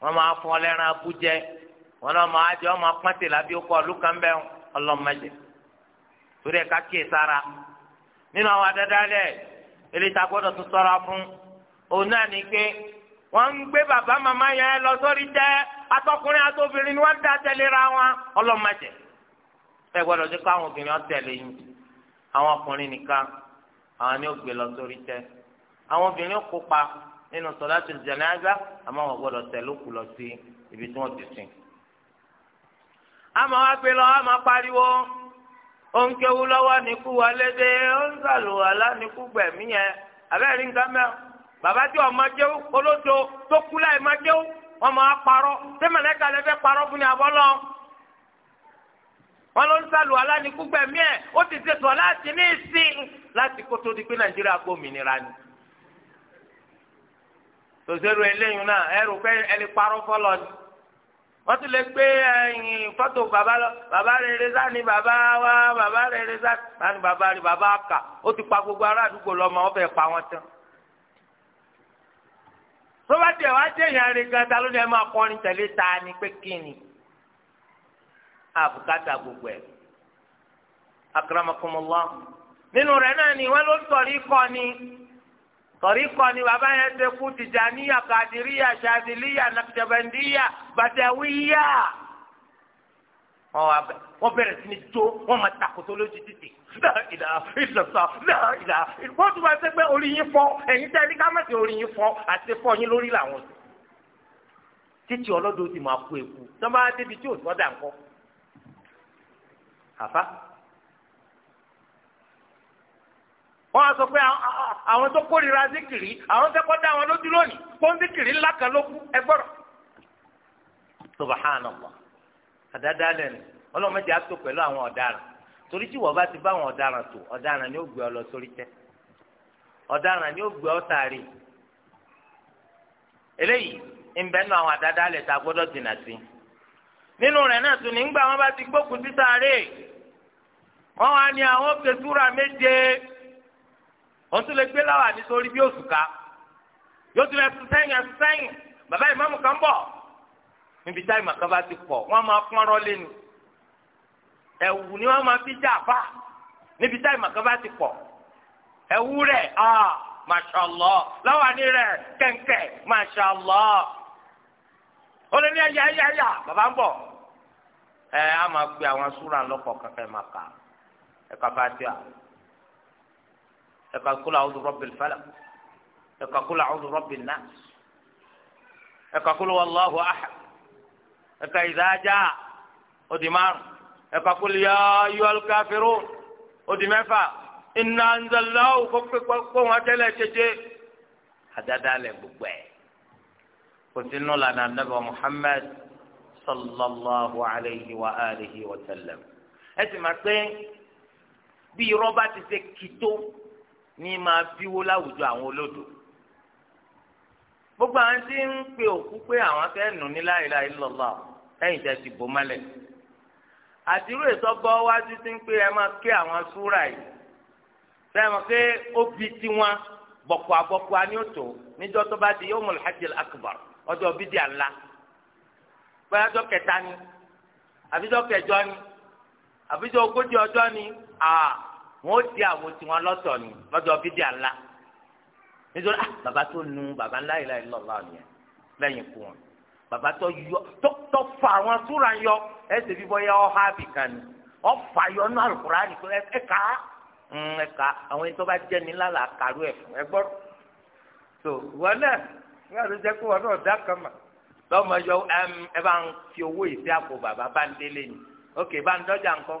wọ́n máa fọ́ lẹ́ran abújẹ́ wọ́n náà máa jẹ́ wọ́n máa pọ́ntì lábí ó kọ́ ọ̀lú kan bẹ́ẹ̀ ọlọ́mọdé torí ẹ ká kíyè sára nínú àwọn adádálẹ̀ eléta gbọ́dọ̀ tún ṣọ́ra fún òun náà ní pé wọ́n ń gbé bàbá màmá yẹn lọ sórí jẹ́ atọ́kùnrin àtòbìnrin ni wọ́n dá tẹ̀léra wọn ọlọ́mọdé ẹ gbọ́dọ̀ sí pé àwọn obìnrin ọ̀tẹ̀lẹ̀ yìí àwọn ọkùnrin nìkan àwọn ni ó gbé lọ sórí jẹ́ àwọn obìnrin kópa nínú sọ̀láṣì jánásà àmọ́ wọn gbọ́dọ̀ tẹ̀lé òkú lọ sí ibi tí wọ́n ti sìn. àmọ́ wá gbé lọ àmọ́ pariwo. onkewu lọwọ kéwú lọ́wọ́ níkú wọlé dé ó ń sàlùwàlá níkú gbẹ̀mí abẹ́rẹ́ nǹkan mẹ́rin bàbá tí ọmọ jẹ́wó olódo tó kú láì má jẹ́wó wọ́n máa parọ́ sẹ́mẹ̀lẹ́ka lẹ́fẹ́ parọ́ fún ni àbọ́lọ́ wọn lọ ń ala níkú gbẹ̀mí ẹ̀ ó ti ṣe sọ láti ní ìsìn láti di pé nàìjíríà ni náà ẹrù ẹni fọlọ́ ni. wọ́n tún lè gbé ẹ̀yìn fọ́tò bàbá lọ bàbá rere sá ni bàbá wa bàbá rere sá ni bàbá rẹ̀ bàbá kà ó ti pa gbogbo ará àdúgbò lọ́mọ ó fẹ́ pa wọ́n tán. tó bá tiẹ̀ wá jẹ́ èèyàn rẹ̀ ta ló ní ẹ máa kọrin tẹ̀lé ta ni pé kí ni àbùkátà gbogbo ẹ̀ akramakumullah nínú rẹ̀ náà ni wọ́n ló sọ̀rí kọ́ tọ̀ríkọ ni bàbá yẹn ṣe kú tìjàníyà kàdìríyà ṣàdìlíyà nàkìjàbẹ̀ndíyà bàtẹ̀wíyà. wọ́n bẹ̀rẹ̀ sí ni jó wọ́n máa takòtò lójú títì láìlà ìlọ̀sà láìlà wọ́n tún máa ṣe pé orí yín fọ́ ẹ̀yin tẹ́ ẹni ká má ṣe orí yín fọ́ àti fọ́ yín lórí làwọn sùn. títí ọlọ́dọ̀ ti máa kú eku tọ́ bá débi tí ò sọ́dà ńkọ́. àfa wọ́n á sọ pé àwọn tó kórìíra zikiri àwọn tẹ́ dá wọn lójú lónìí kó zikiri ńlá kan ló kú ẹgbọ́rọ̀. subhanallah àdáadáa lẹ́nu ọlọ́mọdé á tó pẹ̀lú àwọn ọ̀daràn torí tí wọ́n bá ti bá àwọn ọ̀daràn tó ọ̀daràn ni ó gbé ọ lọ sórí tẹ́ ọ̀daràn ni ó gbé ọ sáré eléyìí ń bẹ́ẹ̀ nù àwọn àdáadáa lẹ̀ tá a gbọ́dọ̀ dènà sí nínú rẹ̀ náà tún nígbà wọn bá ti gbókùn sí sáré wọn wá ní àwọn kẹsùrà méje òun tún lè gbé láwà ní bí òṣùká yóò tún lè sùn sẹ́yìn ẹ̀sùn sẹ́yìn bàbá kan bọ̀ ti pọ̀ wọ́n máa pọ́nrọ́ lẹ́nu ẹ̀wù ni wọ́n máa fi já àfà níbi táyì ti pọ̀ ẹ̀wù rẹ̀ ah mashallah láwà ní rẹ̀ kẹ̀kẹ́ mashallah ó lé ní ẹ̀yà ẹ̀yà ẹ̀yà bàbá ń bọ̀ ẹ̀ á máa gbé àwọn súrà lọ́kọ̀ọ́ ẹ̀ka kúlọ̀ àwọn rọ́bì falak ẹ̀ka kúlọ̀ àwọn rọ́bì náà ẹ̀ka kúlọ̀ wàlláhu ahad ẹ̀ka ìdájà odi márùn ẹ̀ka kúlọ̀ yá yọ̀ọ́lù káfírún odi mẹ́fà iná nzàláwò kó wọn tẹ́lẹ̀ ṣẹṣẹ àdáda lẹ gbogbo ẹ̀ kò sínú lànà nàbà Muhammad sallallahu alayhi wa alihi wa sallam ẹ sì máa pé bí irọ́ ti ṣe kìtó ní máa bíwó láwùjọ àwọn olódò gbogbo àwọn tí ń pe òkú pé àwọn fẹ́ nù ní la ilaha illallah lẹ́yìn tẹ́ ti bò mọ́lẹ̀ àtirú ìtọ́gbọ́ wájú ti ń pe ẹ máa ké àwọn súrà yìí fẹ́ràn pé ó bi tiwọn bọ̀kọ̀ àbọ̀kọ̀ ni ó tó níjọ́ tó bá di yawmul hajjil akbar ọjọ́ bídìí àlá gbọ́dọ̀ kẹta ni àbíjọ́ kẹjọ ni àbíjọ́ ogójì ọjọ́ ni àà wọn ó di àwọn tiwọn lọ́tọ̀ ni lọ́jọ́ fídíà ńlá nítorí ah bàbá tó nu bàbá ńlá yìí láì lọ́la nìyẹn lẹ́yìn kú wọn bàbá tó yọ tó fa àwọn súra yọ ẹsẹ̀ bíbọ́ yẹ ọ́ hábì kan ni ọ́ fà yọ nínú àlùkùrá nìkan ẹ ká ẹ ká mm, àwọn ẹni bá jẹ́ ní lálà kàrú ẹ̀ ẹ gbọ́ so wọn náà wọn àti jẹ́ kó wọn náà dá kan mà lọ́mọ yọ ẹ bá ń fi owó ìsí àpò bàbá bá ń délé ni ok bá ń dọ́jà nǹkan.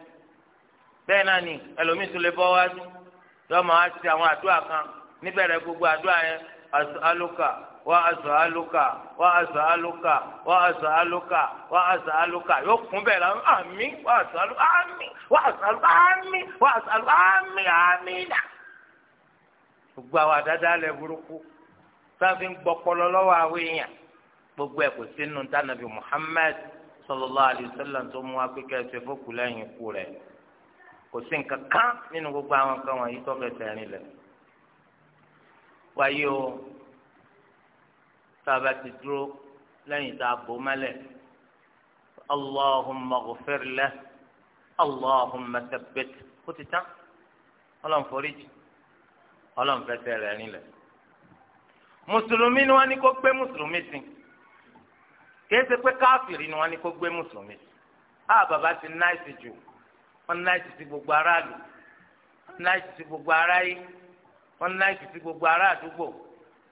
bẹ́ẹ̀ náà ni ẹlòmíì tún lè bọ́ wájú yọọ máa ṣe àwọn àdúrà kan níbẹ̀rẹ̀ gbogbo àdúrà yẹn as'aluka wa as'aluka wa as'aluka wa as'aluka wa as'aluka yóò kún bẹ́ẹ̀ lọ́wọ́ àmì wa as'aluka àmì wa as'aluka àmì wa as'aluka àmì àmì nà. gbogbo àwọn àdáda lẹ burúkú sáfi ń gbọpọlọ lọ́wọ́ àwọn èèyàn gbogbo ẹ̀ kò sínú tánàbí Muhammad sallallahu alayhi wa sallam tó mú wa pé kẹsì fókù lẹ́yìn ikú rẹ̀. kò sí nǹkan kan nínú gbogbo àwọn nǹkan wọ̀nyí tó fẹ́ lẹ̀. wáyé o sábà ti dúró lẹ́yìn tá a bò mọ́lẹ̀ allahumma ghfir lahu ti tán ọlọ́run foríjì ọlọ́run fẹ́ sẹ́rin rìn lẹ̀. mùsùlùmí ni wọ́n ní kó gbé mùsùlùmí sí kì í ṣe pé káfìrí ni wọ́n ní kó gbé mùsùlùmí sí. a bàbá ti wọn ní láìsí sí gbogbo aráàlú wọn ní láìsí sí gbogbo aráyé wọn ní láìsí sí gbogbo ará àdúgbò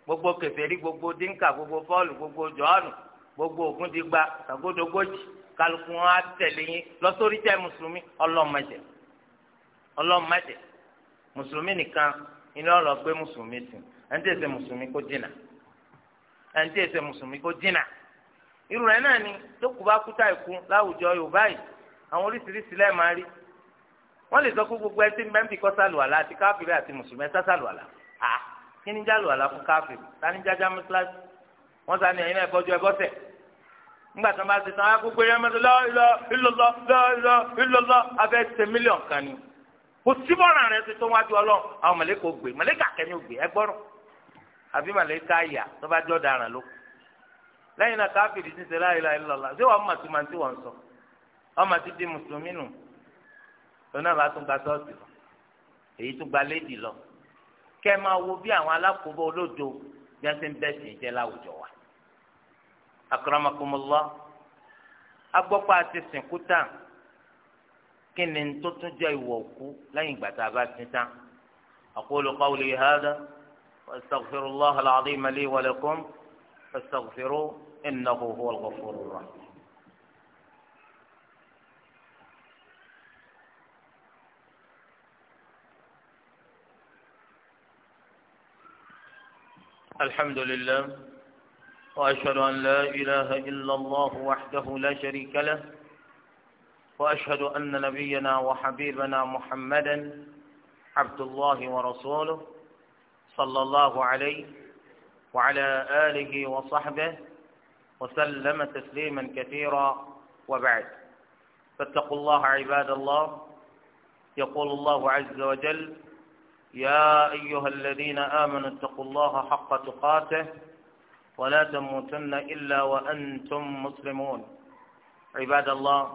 gbogbo kèfèrí gbogbo dínkà gbogbo fọọlù gbogbo jọọnù gbogbo ògúndigba tàgódógójì kálukú wọn á tẹ̀lé yín lọsórí tẹ mùsùlùmí ọlọmọdé ọlọmọdé mùsùlùmí nìkan iná ọlọ gbé mùsùlùmí sìn ẹni tí èsè mùsùlùmí kó dínà ẹni tí èsè mùsùlùmí kó dínà irú rẹ̀ náà ni tó kù bá kú táìkú láwùjọ Yorùbá yìí àwọn oríṣiríṣi lẹ́ẹ̀ wọ́n lè sọ pé gbogbo ẹtí ń bẹ́ ń bì kọ́ sàlùwàlà àti káfíìrì àti mùsùlùmí ẹ̀sà sàlùwàlà à kí ni jàlùwàlà fún káfíìrì sani jájá mọ́sálásí wọ́n sani ẹ̀yin náà ẹ̀kọ́jú ẹ̀kọ́sẹ̀ ńgbà tó ń bá ti tán agbègbè yẹn mẹ́tò lọ ìlọ ìlọlọ lọ ìlọlọ abẹ́ ṣe mílíọ̀n kan ni kò síbọ̀ràn rẹ ti tó wájú ọlọ́run àwọn mọ̀lẹ́kà ò gbé mọ̀lẹ́kà kẹ́ni ò gbé ẹ gbọ́rọ̀ àbí lọ́nà bá tún gba sọ́ọ̀sì lọ èyí tún gba léèdì lọ kẹ́ ẹ máa wo bí àwọn alákòóbọ̀ olódo bí wọ́n ti ń bẹ́ẹ̀ sìn jẹ́ láwùjọ wa. akramakumullah agbọ́pọ̀ àti sìnkú tán kí ni tó tún jẹ́ ìwọ̀ òkú lẹ́yìn ìgbà tá a bá sin tán. aqulu qawli hadha wa astaghfirullaha al-azima li wa lakum fastaghfiruhu innahu huwal ghafurur rahim. الحمد لله وأشهد أن لا إله إلا الله وحده لا شريك له وأشهد أن نبينا وحبيبنا محمدا عبد الله ورسوله صلى الله عليه وعلى آله وصحبه وسلم تسليما كثيرا وبعد فاتقوا الله عباد الله يقول الله عز وجل يا أيها الذين آمنوا اتقوا الله حق تقاته ولا تموتن إلا وأنتم مسلمون عباد الله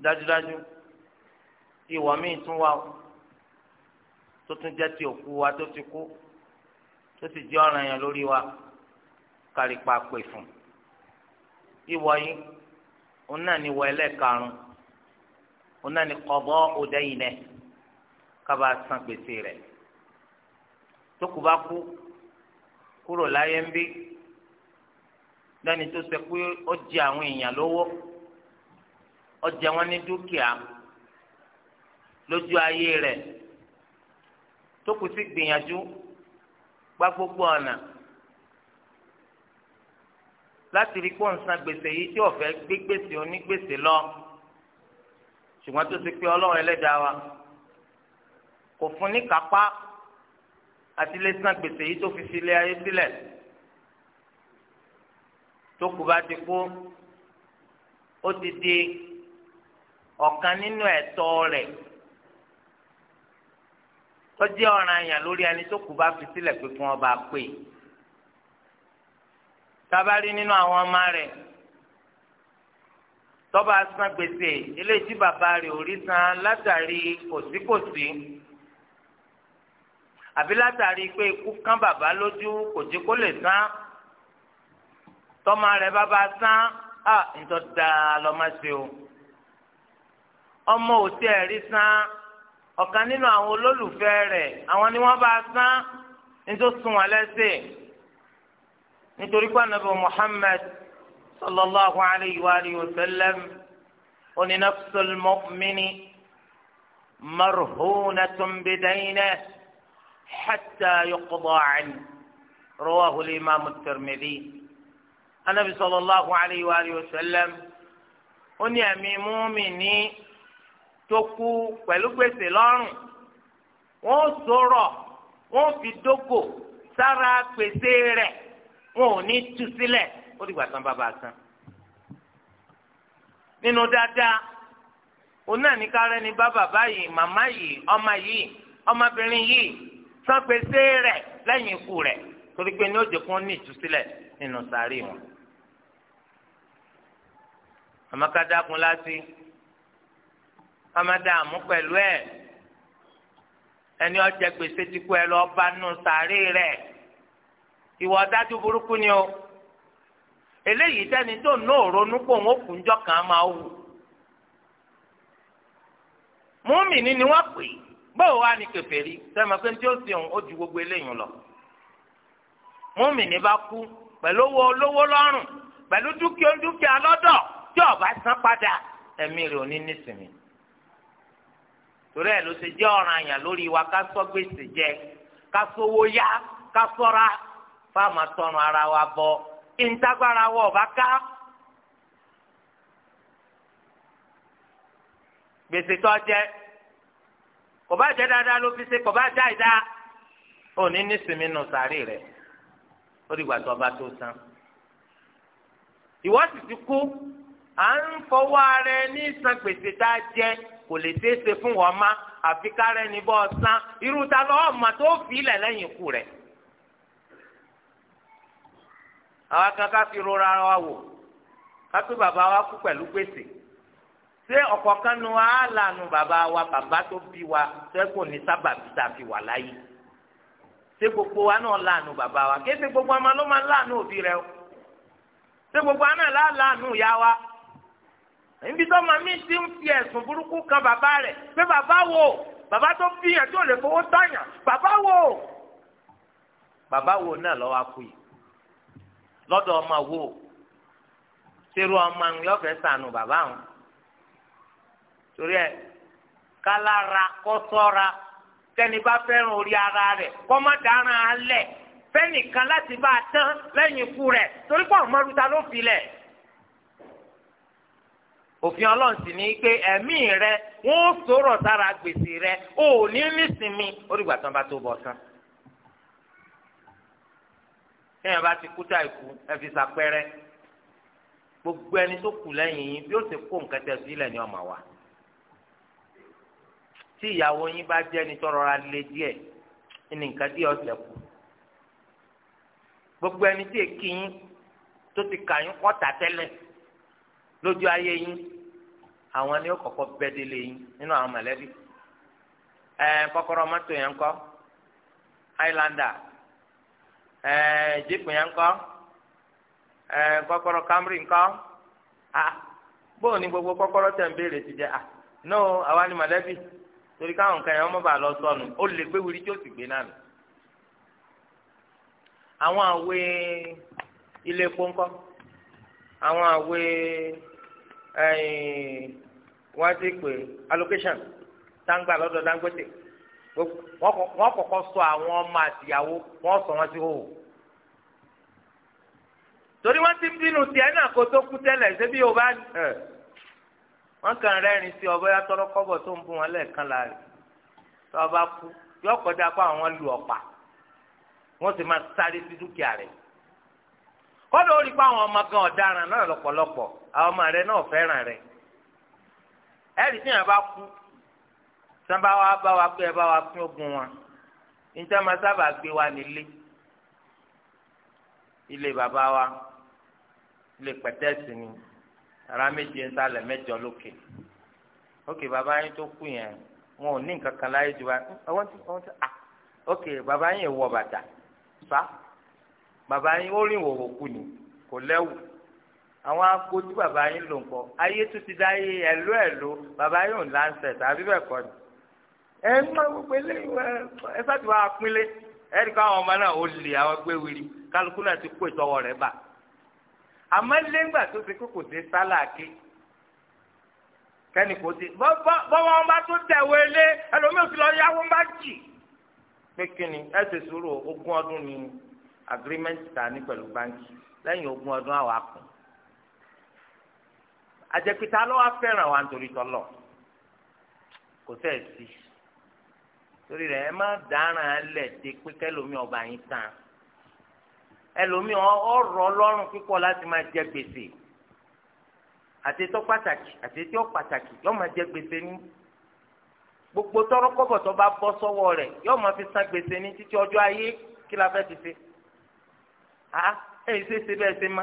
dájúdájú ìwà míì tún wà ó tó tún jẹ́ ti òkú wa tó ti kú tó sì jẹ́ ọ̀ràn yẹn lórí wa kàrípa pè fún ìwà yìí òun náà ni wọ ẹlẹ́ẹ̀karùn-ún òun náà ni qada'u daynah kábà san gbèsè rẹ̀ tókù bá kú kúrò láyé ń bí lẹ́ni tó ṣe pé ó jẹ àwọn èèyàn lówó ó jẹ wọn ní dúkìá lójú ayé rẹ̀ tókù sì gbìyànjú gbá gbogbo ọ̀nà láti rí pé ń san gbèsè yìí tí ó gbé gbèsè onígbèsè lọ ṣùgbọ́n tó ṣe pé ọlọ́run ẹlẹ́dàá wa kò fún ní kápá àti lè san gbèsè yìí tó fi sílé ayé sílẹ̀ tó kù bá ti kú ó ti di ọ̀kan nínú ẹ̀tọ́ rẹ̀ ó jẹ́ ọ̀ranyàn lórí ẹni tó kù bá fi sílẹ̀ pé kí wọ́n bá pè tábàárí nínú àwọn ọmọ rẹ̀ tọ́ba san gbèsè eléyìí tí bàbá rẹ̀ ò rí san látàrí kòsíkòsí àbí látàrí pé ikú kán bàbá lójú kò jẹ́ kó lè san tọ́mọ rẹ̀ bá bá san á ntọ́ da lọ́mọ ṣe o ọmọ ò tí ẹ̀ rí san ọ̀kan nínú àwọn olólùfẹ́ rẹ̀ àwọn ni wọ́n bá san nítorí sùn wọn lẹ́sẹ̀ nítorí pé ànábì Muhammad sallallahu alayhi wa sallam oní nafsul mu'mini marhunatun bidaynihi. حتى يقضى عنه رواه الإمام الترمذي النبي صلى الله عليه وآله وسلم أن يمي مؤمني تكو ولقبس لارن wọ́n sọ̀rọ̀ wọ́n fi dógò sára pèsè rẹ̀ wọ́n ò ní tú sílẹ̀ ó dìgbà tán bàbá san. nínú dáadáa òun náà ní ká rẹ́ni bá bàbá yìí màmá yìí ọmọ yìí ọmọbìnrin yìí san gbèsè rẹ̀ lẹ́yìn ikú rẹ torí pé ní ó jẹ́ kó ní ìtúsílẹ̀ nínú sàárì wọn. àmọ́kádákun láti amádáàmú pẹ̀lú ẹ̀ ẹni ọjẹ gbèsè ti kú ẹ lọ bá nù sàárì rẹ ìwọ dájú burúkú ni o eléyìí tẹni tó ná òronú pò ń òkùnjọ kan máa wù múmi ni ni wọ́n pè é báwo wá ní kèfèrí sẹ́mi pé tí ó sì ń ó gbogbo eléyìí lọ múmìnì bá kú pẹ̀lú owó olówó lọ́rùn pẹ̀lú dúkìá dúkìá lọ́dọ̀ tí ó san padà ẹ̀mí rẹ̀ ò ní nísìmí torí ló ṣe àyàn lórí wa ká sọ gbèsè jẹ ká sówó yá ká sọ́ra fáàmà ara wa bọ ìntagbára wa ọba ká gbèsè tó jẹ kọba jẹ dáadáa ló fi ṣe kọba já ìdá òní nísìmí nù sàárì rẹ ó dìgbà tó ọba tó tán ìwọ sì ti kú à ń fọwọ́ ara ẹni san gbèsè tá a jẹ kò lè ṣeé ṣe fún wọn má àfi kárẹ́ ní bọ́ san irú ta lọ́wọ́ mà tó fi ilẹ̀ lẹ́yìn ikú rẹ̀. àwa kan ká fi rora wa wò ká pé bàbá wa kú pẹ̀lú gbèsè ṣé ọ̀kọ̀ọ̀kan nu aláàánú bàbá wa bàbá tó bí wa sẹ́kùn ní sábàbí tá a fi wà láyé ṣé gbogbo wa náà láàánú bàbá wa kéde gbogbo ọmọ ló máa láàánú òbí rẹ o ṣé gbogbo wa náà láàánú ìyá wa níbi tó máa mí ti ń fi ẹ̀sùn burúkú kan bàbá rẹ̀ pé bàbá wo bàbá tó bí yàn tí ò lè fowó tàyàn bàbá wo bàbá wo náà lọ́wọ́ akú yìí lọ́dọ̀ ọmọ wo ṣerú ọmọ àwọn yọ̀ọ́fẹ́ sànù bàbá àwọn torí ẹ kálára kọ́sọ́ra kẹ́ni bá orí ara rẹ̀ kọ́mọ́ alẹ alẹ̀ láti bá a tán lẹ́yìn ikú torí pọ̀ mọ́rúta ló filẹ̀ òfin ọlọ́run sì ní pé ẹ̀mí rẹ wọn ó sọ̀rọ̀ sára gbèsè rẹ ò ní nísìmí orígbà tán bá tó ti kú tá ìkú gbogbo ẹni tó kù yìí bí ó ti kó nǹkan wa. tí ìyàwó yín bá jẹ́ ẹni tọrọ ra lé díẹ̀ ní nǹkan díẹ̀ ọ̀sẹ̀ kù gbogbo ẹni tí èkì yín tó ti kà yín kọ́ta tẹ́lẹ̀ lójú ayé yín àwọn ni ó kọ́kọ́ bẹ́ẹ̀délé yín nínú àwọn mọ̀lẹ́bí ẹ kọ́kọ́rọ́ mọ́tò yẹn kọ́ highlander ẹ jíìpù yẹn kọ́ ẹ kọ́kọ́rọ́ camry kọ́ a ah, bóun ni gbogbo kọ́kọ́rọ́ tẹ̀ ń béèrè ti jẹ́ a ah, no àwa ni mọ̀lẹ́bí. torí káwọn nǹkan yẹn wọ́n bá lọ sọnù ó lè gbé wuli tí ó sì gbé náà àwọn àwe ilé epo àwọn àwe wọ́n ti pè allocation táǹgbà lọ́dọ̀ Dangote wọ́n kọ́kọ́ sọ àwọn ọmọ àtìyàwó wọ́n sọ wọ́n sí hòhò torí wọ́n ti bínú tiẹ̀ náà kó tó kú tẹ́lẹ̀ ṣé bí o bá ẹ̀ wọ́n kàn rẹ́rìn sí ọbẹ̀ yàtọ̀rọ̀ kọ́bọ̀ tó ń bù wọn lẹ́ẹ̀kan láàrin tó o bá kú yọ kọjá pé àwọn lu ọ̀pá wọ́n sì máa sáré sí dúkìá rẹ̀ kọ́dọ̀ ó rí pé àwọn ọmọ gan ọ̀daràn náà lọ́pọ̀lọpọ̀ àwọn ọmọ rẹ̀ náà fẹ́ràn rẹ̀ ẹ̀rí tí yẹn bá kú sábà wá bá wa pé ẹ bá wa pín ogun wọn níta máa sábà gbé wa nílé ilé bàbá wa ilé pẹ̀tẹ́sì ni ara méje ń sálẹ̀ mẹ́jọ lókè ókè bàbá yín tó kú yẹn wọn ò ní nǹkan kan láyé ju wọn ti wọn ti à ah, ókè bàbá yín wọ bàtà fa bàbá yín ó rìn wòwò kú ni kò lẹ́wù àwọn akójú bàbá yín ló ń kọ ayé tó ti dáyé ẹ̀lú ẹ̀lú bàbá yín ò láǹṣẹ̀ tàbí bẹ́ẹ̀ kọ́ ni ẹ ń má gbogbo eléyìí ẹ sáà ti wá pínlẹ̀ ẹ̀ẹ́dì káwọn ọmọ náà ó lè àwọn gbé wiri kálukú náà ti kó ìtọ́wọ́ rẹ̀ bà àmọ́ lẹ́ngbà tó ṣe kókò ṣe sálà ké kẹ́ni kò ṣe bọ́wọ́ wọn bá tó tẹ̀wé lé ẹlòmíì òsì lọ yáwó bá jì pé kíni ẹ ṣe sùúrù ogún ọdún ni agreement ta ní pẹ̀lú báńkì lẹ́yìn ogún ọdún àwọn akùn àjẹpìtà lọ́wọ́ fẹ́ràn wa nítorí tọ́lọ̀ kò sẹ́ẹ̀ sí torí rẹ̀ ẹ má dáràn án lẹ̀ dé pé kẹ́lòmíì ọba yín tán ẹlòmíì ọ̀rọ̀ ọlọ́run pípọ̀ láti máa jẹ gbèsè àtẹtọ́ pàtàkì àtẹtọ́ pàtàkì yóò máa jẹ gbèsè ní gbogbo tọrọ kọ́bọ̀ tó bá bọ́ sọ́wọ́ rẹ̀ yóò máa fi san gbèsè ní títí ọjọ́ ayé kí la fẹ́ ti ṣe a ẹ̀yìn ṣe ṣe bẹ́ẹ̀ ṣe má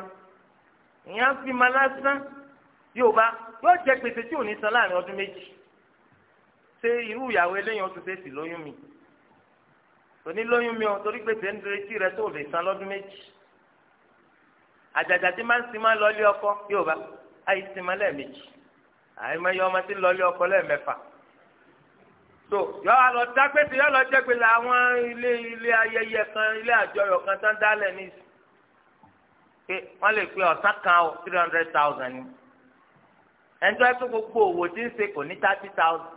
ìyá fi ma lásán yóò bá yóò jẹ gbèsè tí ò ní san láàrin ọdún méjì ṣé irú ìyàwó eléyìí ó tún ṣe sì lóyún mi onílóyún mi ò torí gbèsè ń retí rẹ tó lè san lọ́dún méjì àjàjà tí máa ń sin máa ń lọ ilé ọkọ yóò bá àyè sin máa lẹ́ẹ̀mejì àyèmọ yọ ọmọ tí ń lọ ilé ọkọ lẹ́ẹ̀mẹ́fà so yọ àlọ dá gbèsè yọ lọ jẹ gbèsè àwọn ilé ilé ayẹyẹ kan ilé àjọyọ̀ kan tán dálẹ̀ ní ìsìn pé wọ́n lè pe ọ̀sán kan three hundred thousand ni ẹnjọ́ ẹ fún gbogbo òwò tí ń ṣe kò ní thirty thousand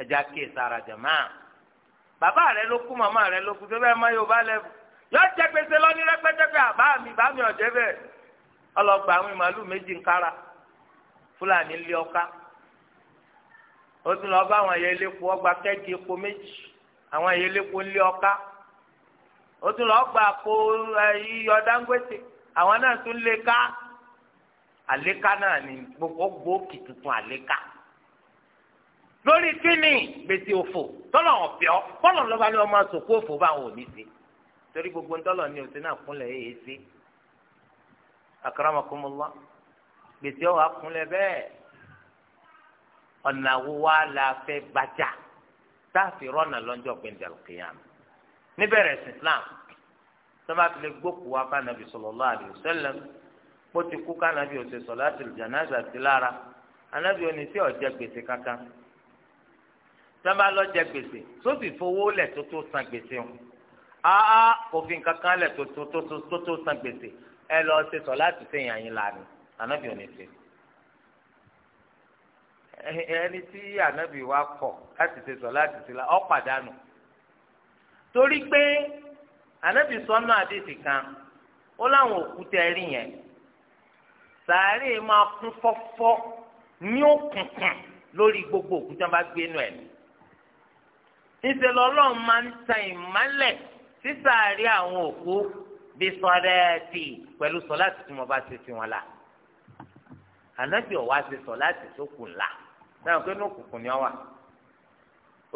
ẹja kí sara jama bàbá rẹ ló kú màmá rẹ ló kú tó bẹ́ẹ̀ má yóò bá lẹ́bù yọ jẹ gbèsè lọ́ní rẹpẹtẹpẹ àbá mi bá mi ọ̀jẹ́ bẹ́ẹ̀ ọlọ́gba àwọn màálù méjì ń kára fúlàní lé ọká elépo ọgbà epo méjì elépo ń lé ọká ó iyọ̀ àwọn náà tún lórí kíni gbèsè òfò tọ́lọ̀ ọ̀bíọ́ bọ́lọ̀ lọ́ba ni ọmọ asòkú òfò bá wọn ò ní sí torí gbogbo ńtọ́lọ̀ ni òsín náà kúnlẹ̀ èyí sí akramakumullah gbèsè ọ̀wà kúnlẹ̀ bẹ́ẹ̀ ọ̀nà wo wá la fẹ́ gbajà táàfì rọ́nà lọ́jọ́ gbẹ̀ndẹ̀lù kìyàm níbẹ̀rẹ̀ sí Islam sábà fi lè gbókù wá bá nàbì sallallahu alaihi wasallam kó ti kú ká nàbì òsè sọ̀lá sábà lọ jẹ gbèsè tó sì fowó lẹ̀ tó tó san gbèsè o aa òfin kankan lẹ̀ tó tó tó tó tó san gbèsè ẹ lọ ṣe sọ láti ṣe yàn yín lánàá ànábì ò ní ṣe ẹni tí ànábì wa kọ̀ láti ṣe sọ láti ṣe la ọ pàdánù torí pé ànábì sọnù àdìsí kan ó láwọn òkúta ẹrí yẹn sàárè máa kún fọ́fọ́ ní òkùnkùn lórí gbogbo òkúta bá gbénu ẹ̀ ní níṣẹ́ lọ́lọ́run máa ń tan ìmọ́lẹ̀ sísàárì àwọn òkú bíi sọ́dẹ́ẹ̀tì pẹ̀lú sọ́láàtì tí mo bá ṣe sí wọn la ànábì ọ̀wá ṣe sọ́láàtì tó kù ńlá náà pé ní òkùnkùn ni ọ wà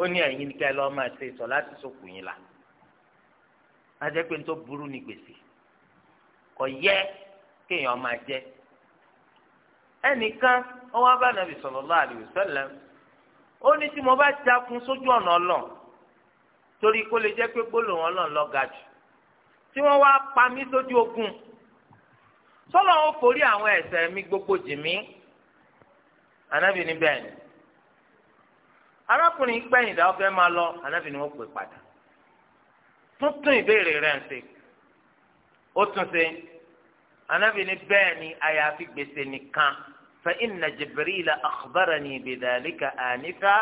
ó ní ẹ̀yin kẹ́ lọ́ọ́ máa ṣe sọ́láàtì tó kù yín la ajẹ́ pé ní tó burú ni gbèsè kò yẹ kéèyàn máa jẹ ẹnìkan ọwọ́ abánàbì sallallahu alaihi wasallam ó ní tí mo bá jagun sójú ọ̀nà ọlọ́ torí kó lè jẹ́ pé gbólóhùn ọlọ́run lọ ga jù tí wọ́n wá pa mí sójú ogun sọ́lọ́ ó forí àwọn ẹ̀ṣẹ̀ mi gbogbo jì mí ànábì ní bẹ́ẹ̀ ni arákùnrin gbẹ̀yìn dá ọfẹ́ máa lọ ànábì ni wọ́n pè padà tuntun ìbéèrè rẹ̀ ń ṣe ó tún ṣe ànábì ní bẹ́ẹ̀ ni àyàfi gbèsè nìkan. فإن جبريل أخبرني بذلك آنفا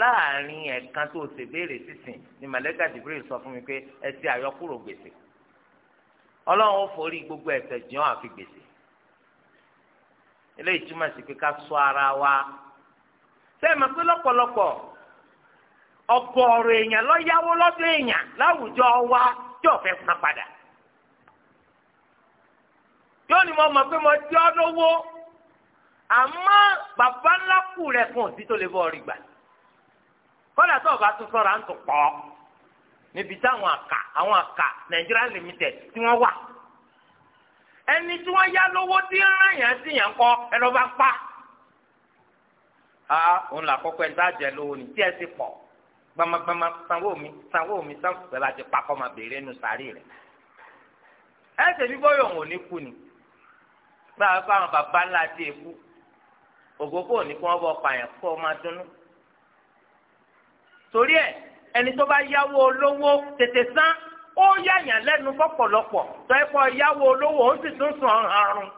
láàrin ẹ̀kan tó ṣe béèrè sísìn ni màlẹ́kà jibril sọ fún mi pé ẹ ti àyọkúrò gbèsè ọlọ́run ó forí gbogbo ẹ̀ṣẹ̀ jìn àfi gbèsè eléyìí túmọ̀ sí pé ká ṣọ́ ara wa sẹ́yìn mọ̀ pé lọ́pọ̀lọpọ̀ ọ̀pọ̀ ọ̀rọ̀ èèyàn lọ́yáwó lọ́dọ̀ èèyàn láwùjọ wa tí fẹ́ san padà yóò ní mo mọ̀ pé mo jẹ́ ọ́ lówó àmọ́ bàbá ńlá kù rẹ̀ kàn sí tó lè bọ́ ọ̀rì gbà kọ́lá tó ọba tún sọ̀rọ̀ à ń tún pọ̀ níbi táwọn àkà àwọn àkà Nigeria limited tí wọ́n wà ẹni tí wọ́n yá lówó tí ń rán yẹn sí yẹn kọ́ ẹ lọ́ bá pa a òun là kọ́kọ́ ẹni tá a lówó ni tí ẹ ti pọ̀ gbamagbama sanwó mi sanwó mi sanwó mi bá ma pa kọ́ máa béèrè nù sáré rẹ̀ ẹ ṣe bí bọ́yọ̀ òun ò ní kú ni gbàgbọ́ àwọn bàbá ńlá ti èkú ògógó ò ní kí wọ́n bọ pààyàn kó o máa dunnú. torí ẹ ẹni tó bá yáwó olówó tètè san ó yàyàn lẹ́nu fọ́pọ̀lọpọ̀ tó ẹ kọ́ yáwó olówó ó sì tún sùn ọ̀run.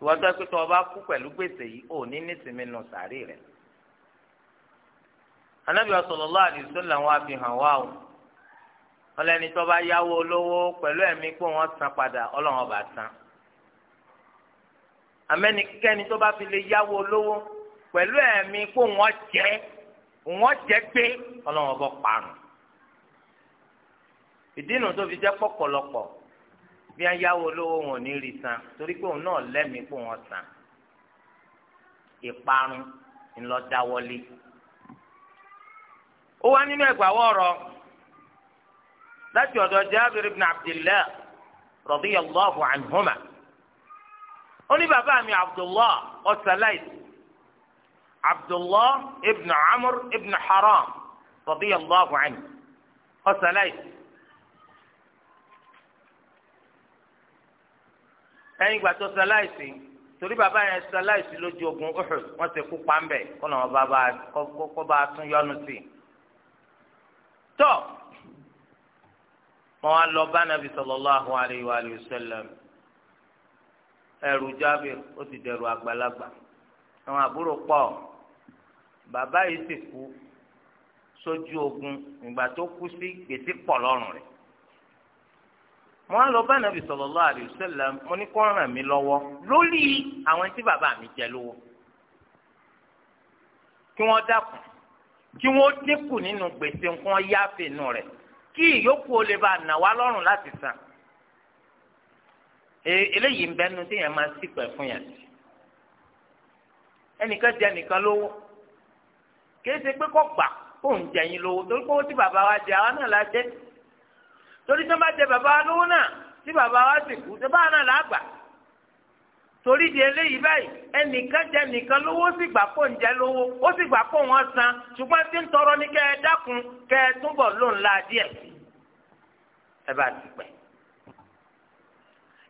ìwọ́n tó ẹ pé tó o bá kú pẹ̀lú gbèsè yìí ò ní nísìmí nù sàárì rẹ̀. Ànábì sallallahu alaihi wasallam wa fi hàn wá o ọlẹ́ni tó bá yáwó olówó pẹ̀lú ẹ̀mí pé wọ́n san padà ọlọ́run ọba san amẹ́nikẹ́ni tó bá fi lè yáwó lówó pẹ̀lú ẹ̀mí kó wọ́n jẹ́ wọ́n jẹ́ gbé ọlọ́wọ́n bọ́ parun ìdínà tó fi jẹ́ pọ̀pọ̀lọpọ̀ bí wọ́n yáwó lówó wọn ò ní rí san torí pé òun náà lẹ́mìí kó wọ́n san ìparun ńlọdáwọlé ó wá nínú ẹgbàáwọ ọ̀rọ̀ láti ọ̀dọ̀ Jabir ibn Abdillah radiyallahu anhuma ó ní bàbá mi abdullah ọ̀sálàìsì abdullah ibn amr ibn haram radiyallahu anhu ọ̀sálàìsì. ẹ̀yìn ìgbà tó ṣaláìsí torí bàbá yẹn ṣaláìsí lójú ogun Uhud wọ́n ti kú pàmbẹ kó náà bàbá kó bá tún yọnu sí i. tọ́ wọ́n lọ bá nàbì sallallahu alayhi wa sallam ẹrù jábìr ó ti dẹrù àgbàlagbà àwọn àbúrò pọ̀ bàbá yìí sì kú sójú ogun ìgbà tó kú sí gbèsè pọ̀ lọ́rùn rẹ̀ mo á lọ bá nàbì sallallahu alaihi wasallam mo ní kó ràn mí lọ́wọ́ lórí àwọn tí bàbá mi jẹ lówó kí wọ́n dákun kí wọ́n dínkù nínú gbèsè nǹkan yáfẹ́ nù rẹ̀ kí ìyókù ó lè bá nà wá lọ́rùn láti san eléyìí ń bẹ nu tí yẹn máa ṣìpẹ̀ fún yàn sí ẹnìkan jẹ nìkan lówó kìí ṣe pé kọ́ gbà kó ń jẹ yín lówó torí kó tí bàbá wa jẹ àwa náà la jẹ torí tó bá jẹ bàbá wa lówó náà tí bàbá wa sì kú tó bá náà la gbà torí di eléyìí báyìí ẹnìkan jẹ nìkan lówó ó sì gbà kó ń jẹ lówó ó sì gbà kó wọn san ṣùgbọ́n tí ń tọrọ ní kẹ́ ẹ dákun kẹ́ ẹ túbọ̀ lóun la díẹ̀ ẹ bá ti pẹ́.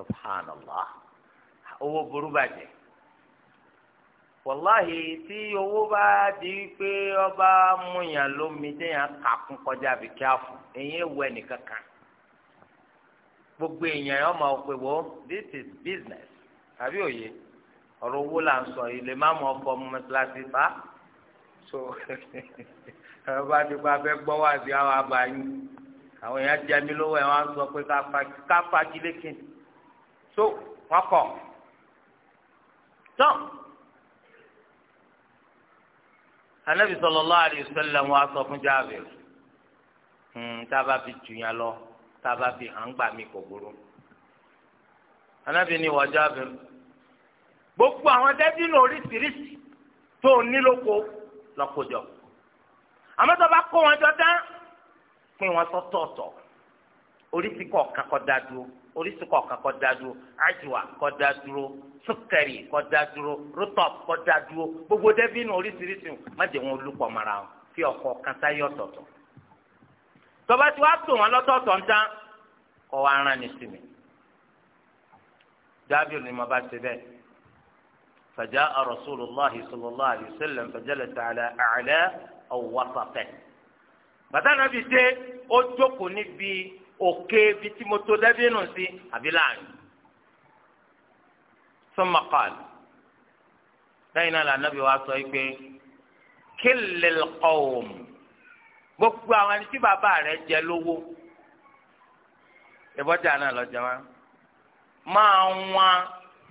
subhanallah owó burú bàjẹ́ wàláhì tí owó bá di pé ọba múyàn lómi téèyàn kàkún kọjá bí kí á fún èyí wẹ nìkan kan gbogbo èèyàn yẹn ọmọ òpè wo this is business àbí òye ọ̀rọ̀ owó là ń sọ yìí lè má mọ ọkọ mọ́tíláṣí bá so ẹ̀rọ *laughs* bá ti pa fẹ́ gbọ́ wá sí àwọn àbáyé àwọn èèyàn jẹ mí lówó ẹ̀ wọ́n sọ pé ká fagilé kìnnì so wọn kọ tán anabi sallallahu alaihi wasallam wọn aṣọ fún Jábìrì hmm, tába fi jù yẹn lọ tába fi hàn gbà mí kò burú anabi ni wọ Jábìrì gbogbo àwọn dẹbí ní oríṣiríṣi tó nílòkó lọkọjọ àmọ́ tó bá kó wọn jọ dán pín wọn sọ́tọ̀ọ̀tọ̀ oríṣi kọ dá dúró. orísun kọ̀ọ̀kan kọ́ da dúró àjùwà sukari rotop kọ́ gbogbo dẹ́bínú oríṣiríṣi má jẹ́ fi ọkọ̀ kata sáyé ọ̀tọ̀ọ̀tọ̀ tọba tí wàá wọn lọ́tọ̀ọ̀tọ̀ wa ni si mi jábìrì ni mo sallallahu alayhi wa sallam bàtà dé òkè bí tí mo tó dẹ́bí nù sí àbí láàrin. sọ́mà kàl lẹ́yìn náà lànàbí wa sọ pé kílìl kọ́ọ̀m gbogbo àwọn ẹni tí bàbá rẹ̀ jẹ lówó ìbọjà náà lọ jẹ wá máa wọn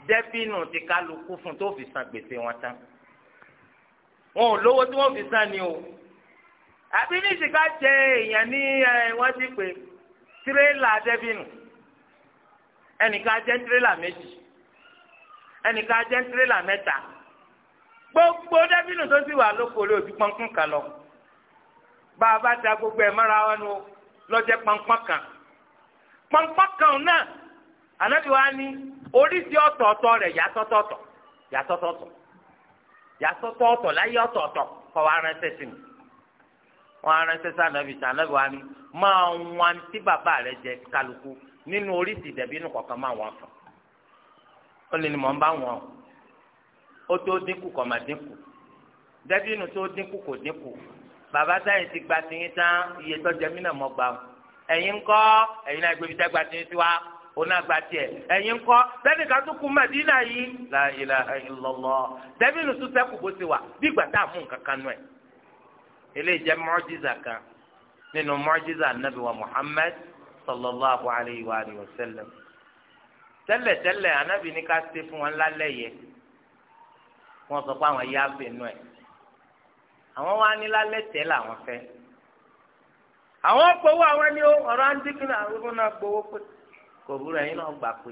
dẹ́bí nù ti kálukú fún tó fi san gbèsè wọn tán wọn ò lówó tí wọn fi san ni o àbí ní ìsìnká jẹ èèyàn ní ẹ wọn ti pè é tirela aɖe ẹnìkan á ɛnika tirẹ́là tirela ẹnìkan gbogbo dẹ́bìnù tó sì wà lóko lé ojú kan lọ gbogbo ẹ̀ wani nu lọ́jẹ́ kan kpɔnkpɔn kan náà ànábi wa ní oríṣi ọ̀tọ̀ọ̀tọ̀ rẹ̀ yàtọ̀tọ̀ọ̀tọ̀ yàtọ̀tọ̀ọ̀tọ̀ yàtọ̀tọ̀ọ̀tọ̀ wa wọn aránṣẹ́ sànàbì sànàbì wa ni máa wọn tí bàbá rẹ jẹ kálukú nínú oríṣi dẹ̀bí inú kọ̀ọ̀kan máa wọn fún ó lè ní mọ̀ ń bá wọn ó tó dínkù kọ̀ máa dínkù dẹ̀bí inú tó dínkù kò dínkù bàbá táyì ti gba tiyín tán iye tọ́jà mí náà mọ̀ gbà ó ẹ̀yin ńkọ́ ẹ̀yin náà gbébi dẹ́gba tiyín sí wa onagba tiẹ̀ ẹ̀yin ńkọ́ sẹbi kátó kú Madina yìí la ilaha illallah dẹbi nusu sẹkù bó ti wà bí gbàtà mú nǹkan kan eléyìí jẹ́ mọ́jísà kan nínú mọ́jísà anabi wa muhammad sallallahu alayhi wa alihi wa sallam tẹ́lẹ̀tẹ́lẹ̀ anabi ní ká ṣe fún wọn lálẹ́ yẹ wọ́n sọ pé àwọn yá fẹ́nu ẹ̀ àwọn wá ní lálẹ́ tẹ́ làwọn fẹ́ àwọn gbowó àwọn ẹni ọ̀rọ̀ andikun náà ọ̀rọ̀ náà gbowó pé kò burú ẹ̀yin náà gbà pé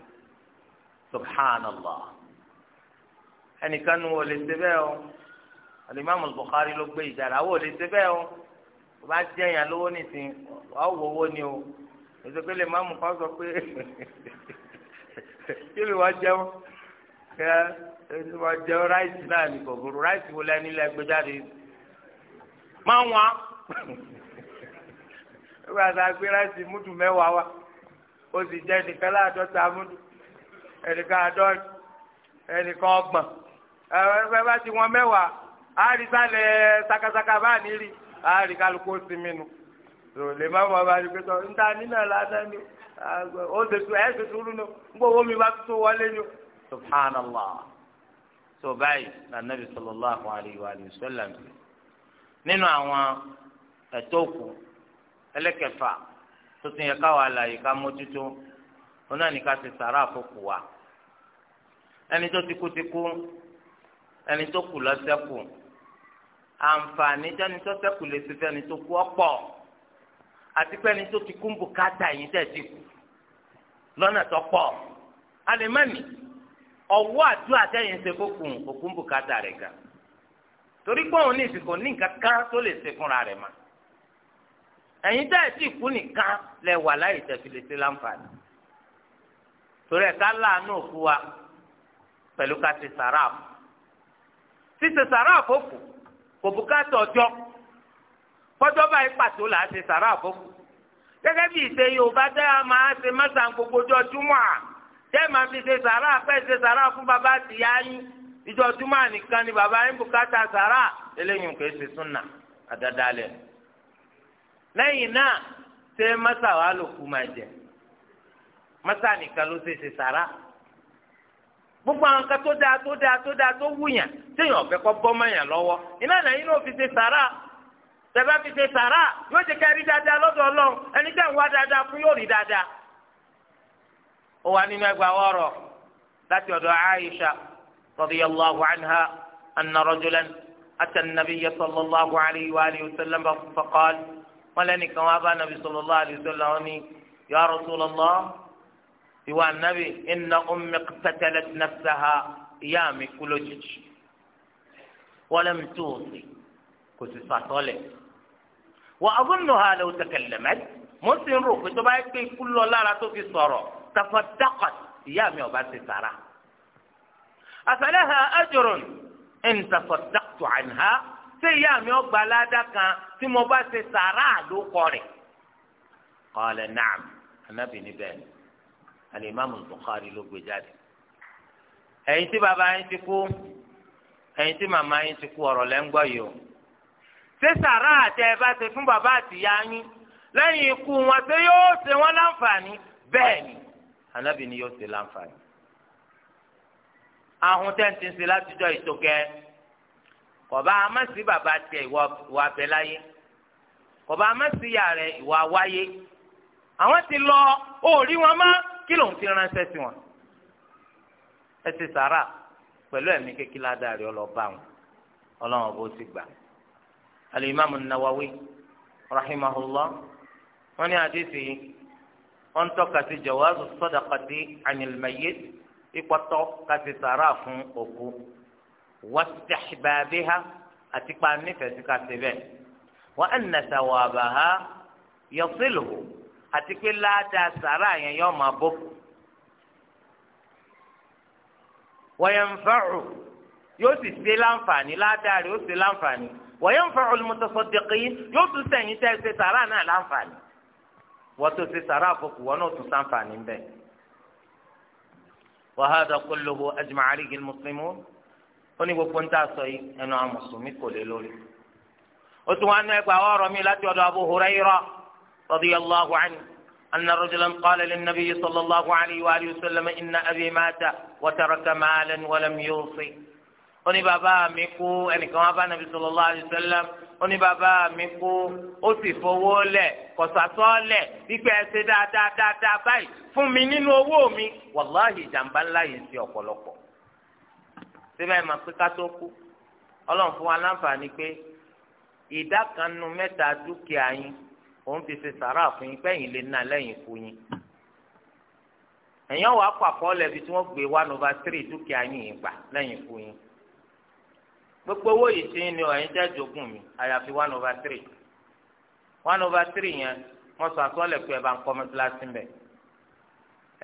subhanallah ẹnìkan nu wọlé ṣe bẹ́ẹ̀ o alimami Bukhari ló gbé ìjà rà wò lè ṣe bẹ́ẹ̀ o tó bá jẹ́ yàn lówó nìsín ọ̀wọ́ owó ni o èso pé lè má mú kọ́ sọ pé *laughs* kí ni wọ́n jẹun kẹ́ èso wọ́n jẹun ráìsì náà ní kòkòrò ráìsì wo lẹ́ni lẹ́ gbé jáde má wá nígbà tá a ráìsì múdù mẹ́wàá wa ó sì jẹ́ ẹnìkan láàdọ́ta múdù ẹnìkan àádọ́rin ẹnìkan ọgbọ̀n ẹ bá ti wọn mẹ́wàá àrísàlẹ̀ sakasaka bá ní rí àríkàlùkù ó sinmi nu lè má mọ̀ bá rí pé sọ níta nínà ládàá ni ó ṣètò ẹ̀ ṣètò rú ni gbogbo mi bá tó wọlé ni. subhanallah tó báyìí Nabi sallallahu alayhi wa sallam nínú àwọn ẹ̀tọ́ òkú ẹlẹ́kẹ̀fà tó ti yẹ káwa àlàyé ká mójútó òun náà ní ká ti sàrà àfọkù wa ẹni tó ti kú ti kú ẹni tó kù lọ́sẹ̀kù àǹfààní jẹ́ni tó ṣẹ́kù lè ṣe fẹ́ni tó kú ọ̀pọ̀ àti pẹ́ni tó ti kú ń bùkátà yìí tẹ̀ ti kú lọ́nà tó pọ̀ alimami ọwọ́ àdúrà tẹ̀yìn ṣe fókun òkú ń bùkátà rẹ̀ ga torí pé òun ní ìsìnkú ní nǹkan kan tó lè ṣe fúnra rẹ̀ ma ẹ̀yin tẹ̀ ti kú nìkan lẹ wà láyé tẹ̀fi lè ṣe láǹfààní torí ẹ̀ ká láàánú òkú wa pẹ̀lú ká ṣe sàráàfù ṣíṣe sàráàfù òkú. kò bùkátà ọjọ́ báyìí pàtó là á ṣe sàrà àfọkù gẹ́gẹ́ bí ìṣe yorùbá tẹ a máa ṣe mẹsàn gbogbo ọjọ́ júmọ́ à tẹ máa fi ṣe sàrà pẹ ṣe sàrà fún bàbá àtìyá yín ìjọ júmọ́ nìkan ni bàbá yín bùkátà sàrà eléyìí kò ṣe àdàdàlẹ náà ṣe wà máa jẹ nìkan ló ṣe gbogbo àwọn nǹkan tó dáa tó dáa tó dáa tó wúyàn téèyàn ọ̀fẹ́ kọ́ bọ́ mọ́yàn lọ́wọ́ ìlànà yìí ló fi ṣe sàrà tẹ̀bá fi ṣe sàrà yóò ṣe kẹ́rí dáadáa lọ́dọ̀ ọlọ́run ẹni tẹ́ ń wá dáadáa fún yóò rí dáadáa. ó wà nínú ẹgbàá wọ́ọ̀rọ̀ láti ọ̀dọ̀ Aisha radiyallahu anha anna rajulan ata an-nabiyya sallallahu alayhi wa alihi wa sallam faqala ìwà nàbì inna ummi qatalat nafsaha ìyá mi kú lójijì wa lam tuusi kò sì sàtọ́lẹ̀ wa azunnuha law takallamat mo sì ń rò pé tó bá yẹ pé ikú lọ lára tó fi sọ̀rọ̀ tafaddaqat ìyá mi ò bá ti sàrà asalaha ajrun in tafaddaqtu anha ṣé ìyá mi ò gba kan tí mo bá ṣe sàrà ló kọ qala na'am anábì níbẹ̀ ni alimami Bukhari ló gbé jáde ẹ̀yin tí bàbá yín ti kú ẹ̀yin tí màmá yín ti kú ọ̀rọ̀ lẹ́ ń gbọ́ yìí o ṣé sàrà àti ẹ bá ṣe fún bàbá àtìyá yín lẹ́yìn ikú wọn ṣé yóò ṣe wọn láǹfààní bẹ́ẹ̀ ni anábì ni yóò ṣe láǹfààní ahun tẹ́ǹtì ṣe látijọ́ ìtòkẹ́ kọ̀bá amásí bàbá tiẹ̀ ìwà abẹ́láyé kọ̀bá amásí yàrá ìwà wáyé àwọn ti lọ òòrí wọn mọ́ kí lòun ti ránṣẹ́ sí wọn. ẹ ti sàrà pẹ̀lú ẹ̀mí kékeré ládàrí ọlọ́ba wọn ọlọ́run bó ti gbà. alimami nawawi rahimahullah wọn ní àdéhùn yìí wọn ń tọ́ka sí jawazu sadaqati anil mayyit sàrà fún òkú wastihbabiha àti pa nífẹ̀ẹ́ sí ká ti bẹ́ẹ̀ wa anna thawabaha yasiluhu àti pé ládàá sàrà yẹn yọ máa bọ́ wọ̀yẹ̀nfẹ́rù yóò sì ṣe láǹfààní ládàá rẹ̀ yóò ṣe láǹfààní wọ̀yẹ̀nfẹ́rù olùmọ̀tòsọ̀dẹ̀kì yóò tún sẹ̀yìn tẹ́ ṣe sàrà náà láǹfààní wọ́n tó ṣe sàrà àfọkù wọn náà tún sáǹfààní ń bẹ̀. wàhálà kọlọ́hu ajumaarigi mùsùlùmí ó ní gbogbo ń tà sọ yìí ẹnu àwọn kò lé lórí. ó tún wá nú ẹgbàá ọ̀rọ̀ mi láti ọ̀dọ̀ Abu Hurairah رضي الله عنه أن رجلا قال للنبي صلى الله عليه وآله وسلم إن أبي مات وترك مالا ولم يوصي oni bàbá mi kú ẹnìkan wá bá nàbí sallallahu alaihi wasallam oni bàbá mi kú ó sì fowó lẹ̀ kọsàtọ lẹ̀ gbígbẹ ẹsẹ dáadáa dáadáa báyìí fún mi nínú owó mi wàláhì ìjàmbá ńlá yìí sí ọ̀pọ̀lọpọ̀ síbẹ̀ mà pé ká tó kú ọlọ́run fún wa láǹfààní pé ìdá kan nu mẹ́ta dúkìá yín òun fi ṣe sàrà fún yín pẹ́yìn lè nà lẹ́yìn fún yín ẹ̀yàn wàá kọ́ àkọọ́lẹ̀ tí wọ́n gbé one over three dúkìá yín yín gbà lẹ́yìn fún yín gbogbo owó yìí ti ní ọ̀yìn jẹ́ jogún mi àyàfi one over three one over three yẹn wọ́n sọ àkọọ́lẹ̀ pé ẹ bá ń kọ́ mọ́tíláṣí ń bẹ̀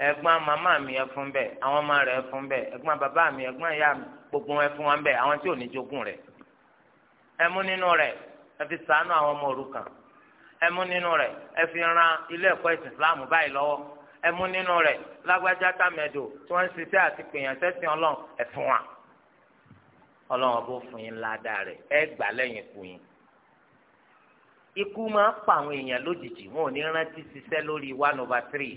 ẹ̀gbọ́n màmá mi ẹ fún bẹ́ẹ̀ àwọn ọmọ rẹ̀ ẹ fún bẹ́ẹ̀ ẹ̀gbọ́n bàbá mi ẹ̀gbọ́n ìyá mi gbogbo ẹ fún wọn bẹ́ẹ̀ àwọn tí ò ní jogún rẹ̀ ẹ mú nínú rẹ̀ ẹ fi ṣàánú àwọn ọmọ òrukàn ẹ mú nínú rẹ̀ ẹ fi ran ilé ẹ̀kọ́ ẹ̀sìn islam báyìí lọ́wọ́ ẹ mú nínú rẹ̀ lágbájá tàmẹ̀dò tí wọ́n ń ṣiṣẹ́ àti pèèyàn sẹ́sìn ọlọ́run ẹ fún wa ọlọ́run ọbọ̀ fún yín ládàá rẹ̀ ẹ gbà lẹ́yìn kù yín ikú máa ń pa àwọn èèyàn lójijì wọn ò ní rántí ṣiṣẹ́ lórí one over three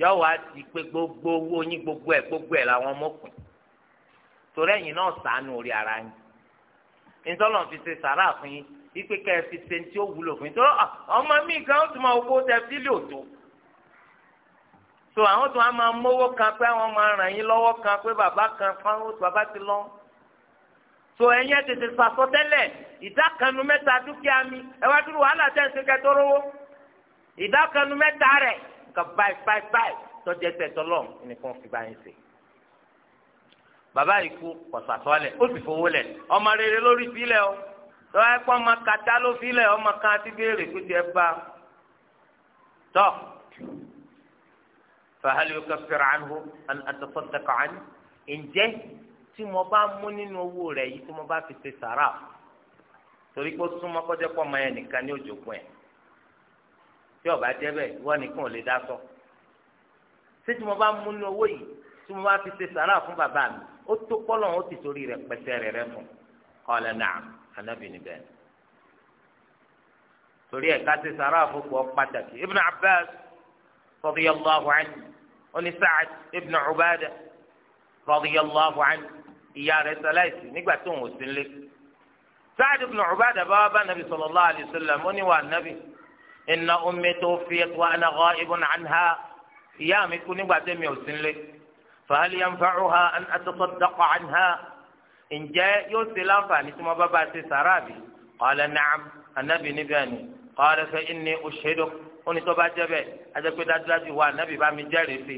yọ wá ti pé gbogbo owó yín gbogbo ẹ̀ gbogbo ẹ̀ làwọn ọmọkùn torí ẹ̀yin náà sànù orí ara yín nítorí wọn fi ṣe sàrà fún yín ipe ká ẹ fi ṣe ní tí ó wúlò fún yín tó ah, ọmọ mi kan ó tún máa owó tẹ fílì òtó so àwọn tó wá máa mówó kan pé àwọn máa ràn yín lọ́wọ́ kan pé bàbá kan fáwọn bàbá ti lọ so ẹ̀yin ẹ tètè sàsọ tẹ́lẹ̀ ìdá kanu mẹ́ta dúkìá mi ẹ wá dúró wàhálà tẹ̀ ń ṣe kẹtọ́ rówó ìdá kanu mẹ́ta rẹ̀ kà báyìí báyìí báyìí tọ́jẹ́ tẹ̀ tọ́lọ́ nìkan fi báyìí ṣe bàbá yìí kú kọ̀sàtọ́lẹ̀ ó sì fowó lẹ̀ ọmọ rere lórí sílẹ̀ o tọ́wọ́ ẹ̀kọ́ ọmọ kata ló filẹ̀ ọmọ kan ti béèrè kó tiẹ̀ bá tọ́ fàhálì yóò kẹfìrì àánú àtọ́fọ́tẹ́kọ̀ àánú ǹjẹ́ tí mo bá mú nínú owó rẹ̀ yìí tí mo bá fi ṣe sàrà torí pé ó súnmọ́ kọ́jọ́ pọ̀ ọmọ yẹn nìkan ní òjòkun ẹ̀ tí ó bá jẹ́ bẹ́ẹ̀ wọ́n nìkan ò lè dá sọ ṣé tí mo bá mú nínú owó yìí tí mo bá fi ṣe sàrà fún bàbá mi ó tó pọ́lọ́ ó ti torí rẹ̀ pẹ́sẹ́ rẹ̀ rẹ̀ fún ọ̀lẹ́ anábì ni níbẹ̀ torí ẹ̀ ká ti sàrà àfọ̀kù pàtàkì ibn abbas radiyallahu anhu oní sa'ad ibn ubadah radiyallahu anhu ìyá rẹ̀ sàlàyé nígbà tó ń wò sí nílé. سعد بن عبادة بابا النبي صلى الله عليه وسلم ونوى النبي إن أمي توفيت وأنا غائب عنها يا مكوني بعدين يوسن لي فهل ينفعها أن أتصدق عنها ǹjẹ́ yóò ṣe láǹfààní tí wọ́n bá bá ṣe sàrà bí qala na'am anábì níbẹ̀ ni qala fa inni ushhiduk ó ní tó bá jẹ́ bẹ́ẹ̀ ajẹ́pẹ́ dájúdájú wa anábì bá mi jẹ́rìí sí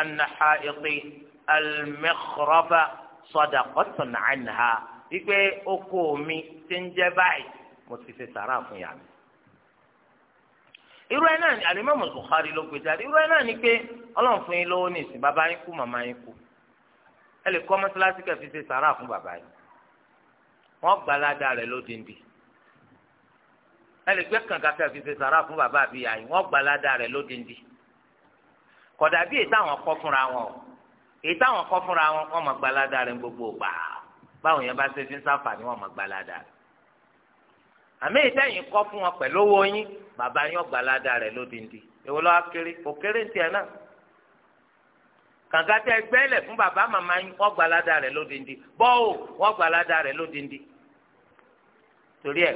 anna ha'iqi al-mikhrafa sadaqatan anha wípé oko mi ti ń jẹ́ báyìí mo ti ṣe sàrà fún yàrá mi irú ẹ náà ni alimami Bukhari ló gbé irú ẹ náà ni pé Ọlọ́run fún yín lówó ní ìsìn bàbá yín kú màmá yín kú ẹ lè kọ́ mọ́sálásí kẹfì ṣe sàrà fún bàbá yìí wọ́n gbalada rẹ̀ lódindi ẹ lè gbé kàǹkà kẹfì ṣe sàrà fún bàbá àbíyá yìí wọ́n gbalada rẹ̀ lódindi kódà bí èyí táwọn kọ́ fúnra wọn èyí táwọn kọ́ fúnra wọn wọ́n máa gbalada rẹ̀ gbogbo gbà báwọn yẹn bá ṣe fi ń sáfàní wọ́n máa gbalada rẹ̀ àmì ìtẹ̀yìn kọ́ fún wọn pẹ̀lú owó yín bàbá yín ọ̀gbalada rẹ̀ lódindi èwo lọ́wọ́ kéré kò kéré ń tiẹ̀ náà kàkà tẹ gbẹ́lẹ̀ fún bàbá màmá yín wọ́n gbalada rẹ̀ lódindi bọ́ọ̀ wọ́n gbalada rẹ̀ lódindi torí ẹ̀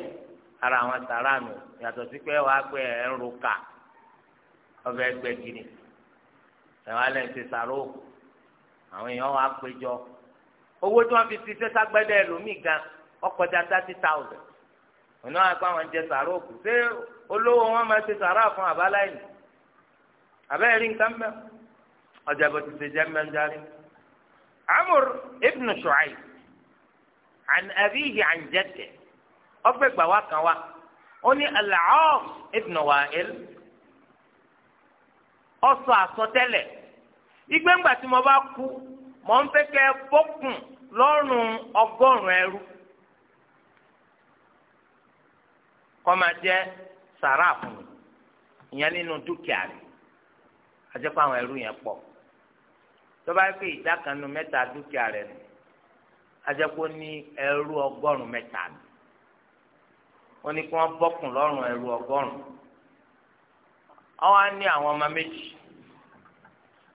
ara àwọn sàránù yàtọ̀ sí pé wàá pé ẹ̀ ń ro kà ọbẹ̀ ẹgbẹ́ gini ẹ̀wọ̀n alẹ́ ń ti sàrò àwọn èèyàn wàá péjọ owó tí wọ́n fi ti ṣe ságbẹ́dẹ́ lómìn gan ọkọjá thirty thousand ònà àgbà wọn jẹ sàrò kù ṣé olówó wọn máa ṣe sàrà fún àbáláyé àbẹ́ẹ̀rí nǹkan mẹ́rin ọjà bó ti ṣe jẹ́ mẹ́ndarí. amur ibn shu'aib an abiyihi an jadde ọgbẹ́ gbà wá kan wá ó ní al-aas ibn wa'il ọsọ àsọtẹ́lẹ̀ ìgbẹ́ngbà tí mo bá kú mo ń fẹ́ kẹ́ bọ́kùn lọ́rùn ọgọ́rùn ẹrú kó jẹ́ sàrà ìyẹn nínú dúkìá rẹ̀ ajẹ́pọ̀ àwọn ẹrú yẹn pọ̀ tó bá pé ìdá kan nu mẹ́ta dúkìá rẹ̀ nù ajẹ́pọ̀ ní ẹrú ọgọ́rùn-ún mẹ́ta nù wọ́n ní kí wọ́n bọ́kùn lọ́rùn ẹrú ọgọ́rùn-ún ọwọ́ á ní àwọn ọmọ méjì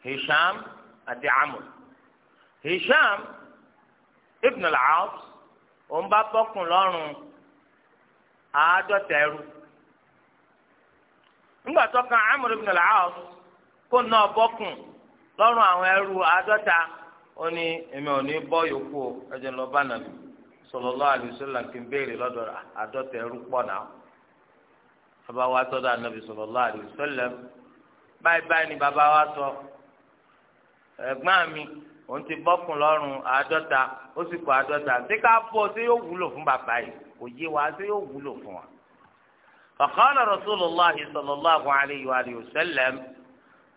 Hisham àti Amr Hisham ibn al-As òun bá bọ́kùn lọ́rùn àádọ́ta ẹrú ńgbà tó kan Amr ibn al-As kó náà bọ́kùn. lọ́rùn àwọn ẹrú àádọ́ta ó ní èmi ò ní bọ́ yòókù o ẹ̀jẹ̀ lọ bá nàbì sallallahu adọta kí n béèrè lọ́dọ̀ àádọ́ta ẹrú pọ̀ náà bàbá wa ni bàbá wa sọ mi òun ti bọ́kùn lọ́rùn ó sì kọ adọta ṣé ká fọ́ ṣé yóò wúlò fún bàbá yìí kò yé wa ṣé yóò wúlò fún wa.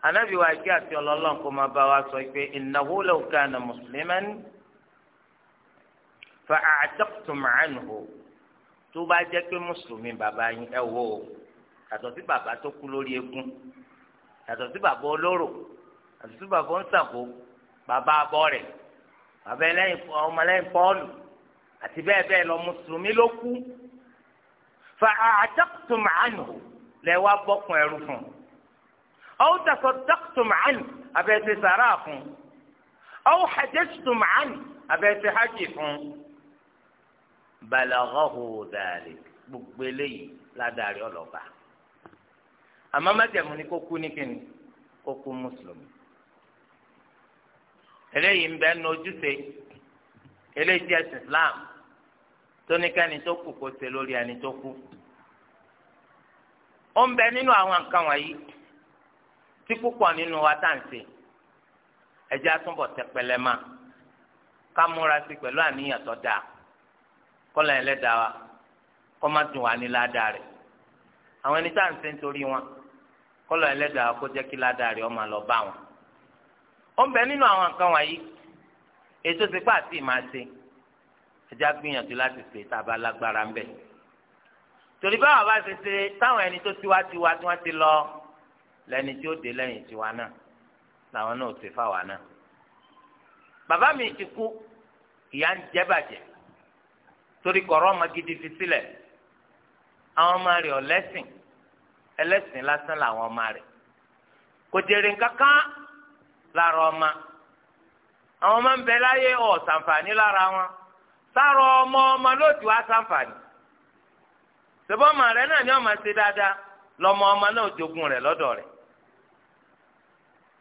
anabi wa kí àti ọlọ́lọ́n kó máa bá wa sọ pé innahu law kana musliman fa a'taqtum anhu tó bá jẹ́ pé mùsùlùmí bàbá yín ẹ wò ó yàtọ̀ sí bàbá tó kú lórí egun yàtọ̀ sí bàbá olóró yàtọ̀ sí bàbá onsàkó bàbá abọ́rẹ̀ bàbá ẹlẹ́yìn ọmọlẹ́yìn pọ́ọ̀lù àti bẹ́ẹ̀ bẹ́ẹ̀ lọ mùsùlùmí ló kú fa a'taqtum anhu lẹ́wọ́ abọ́kùn ẹrú fún un. أو تصدقتم عنه أبيت سراف أو حججتم عنه أبيت حجف بلغه ذلك بقبلي لا داري ولا àmọ́ májàmú ni kó kú ní kíni kó kú mùsùlùmí. eléyìí ń bẹ nu ojúṣe eléyìí jẹ́ islam tó ní kẹ́ni tó kù kó ṣe lórí ẹni tó kú. ó ń bẹ nínú àwọn nǹkan tí púpọ̀ nínú wa tá à ń ṣe ẹjẹ́ àtúbọ̀ tẹpẹlẹ mọ́ ká múra sí pẹ̀lú àníyàn tó dáa kọ́lá ẹlẹ́dàá wa kọ́ má dùn wá ní ládàá rẹ̀ àwọn ẹni tá à ń ṣe nítorí wọn kọ́lá ẹlẹ́dàá kó jẹ́ kí ládàá rẹ̀ ó máa lọ bá wọn. ó ń bẹ nínú àwọn nǹkan wọ̀nyí ètò ti pàtì máa ṣe ẹjẹ́ àgbìyànjú láti ṣe tá a bá lágbára ń bẹ̀. torí báwa bá ṣe ṣe táwọn ẹni tó tiwá tiwá tí wọ́n ti lọ lẹni tí ó dé lẹ́yìn tiwa náà làwọn náà ti fáwa náà bàbá mi ti kú ìyá ń jẹ bàjẹ́ torí kọ̀rọ̀ ọmọ gidi fi sílẹ̀ àwọn ọmọ rẹ̀ ọ̀lẹ́sìn ẹlẹ́sìn lásán làwọn ọmọ rẹ̀ kò jèrè kankan lára ọmọ àwọn ọmọ ń bẹ láyé ọ̀ sàǹfààní lára wọn sára ọmọ ọmọ lóòtú á sàǹfààní ṣùgbọ́n ọmọ rẹ̀ náà ni ọmọ ṣe dáadáa lọmọ ọmọ náà jogún rẹ̀ lọ́dọ̀ rẹ̀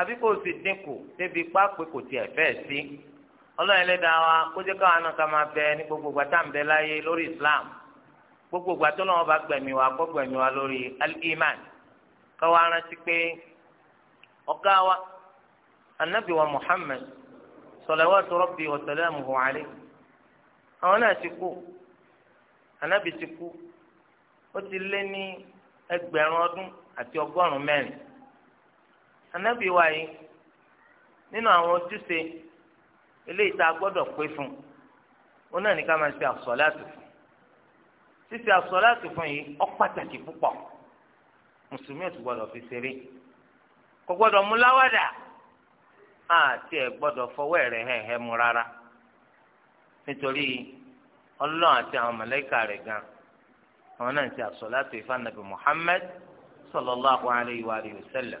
àbí kò sì dínkù débi pápẹ́ kò tiẹ̀ fẹ́ sí ọlọ́run ẹlẹ́dàá wa kó jẹ́ káwọn náà ká máa bẹ ní gbogbo gbàtà ń bẹ láyé lórí islam gbogbo gbàtà ọlọ́run bá gbẹ̀mí wa kó gbẹ̀mí wa lórí al-iman káwa rántí pé ọ̀gá wa anabi wa muhammed salawatu rabbi wa salamuhu alayhi àwọn náà ti kú anabi ti kú ó ti lé ní ẹgbẹ̀rún ọdún àti ọgọ́rùn-ún mẹ́rin. anábì wa yìí nínú àwọn ojúṣe eléyìí tá a gbọ́dọ̀ pé fún un náà ní ká máa ṣe àsọ̀láàtì fún ṣíṣe àsọ̀láàtì fún yìí ó pàtàkì púpọ̀ mùsùlùmí ò tún gbọ́dọ̀ fi ṣeré kò gbọ́dọ̀ mú láwàdà àti mu rárá nítorí àti àwọn gan àwọn náà ń ṣe anabi Muhammad alayhi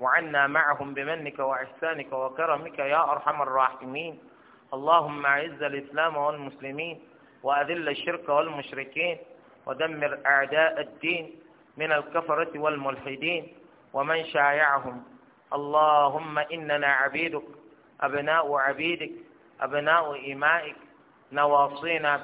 وعنا معهم بمنك وإحسانك وكرمك يا أرحم الراحمين اللهم أعز الإسلام والمسلمين وأذل الشرك والمشركين ودمر أعداء الدين من الكفرة والملحدين ومن شايعهم اللهم إننا عبيدك أبناء عبيدك أبناء إمائك نواصينا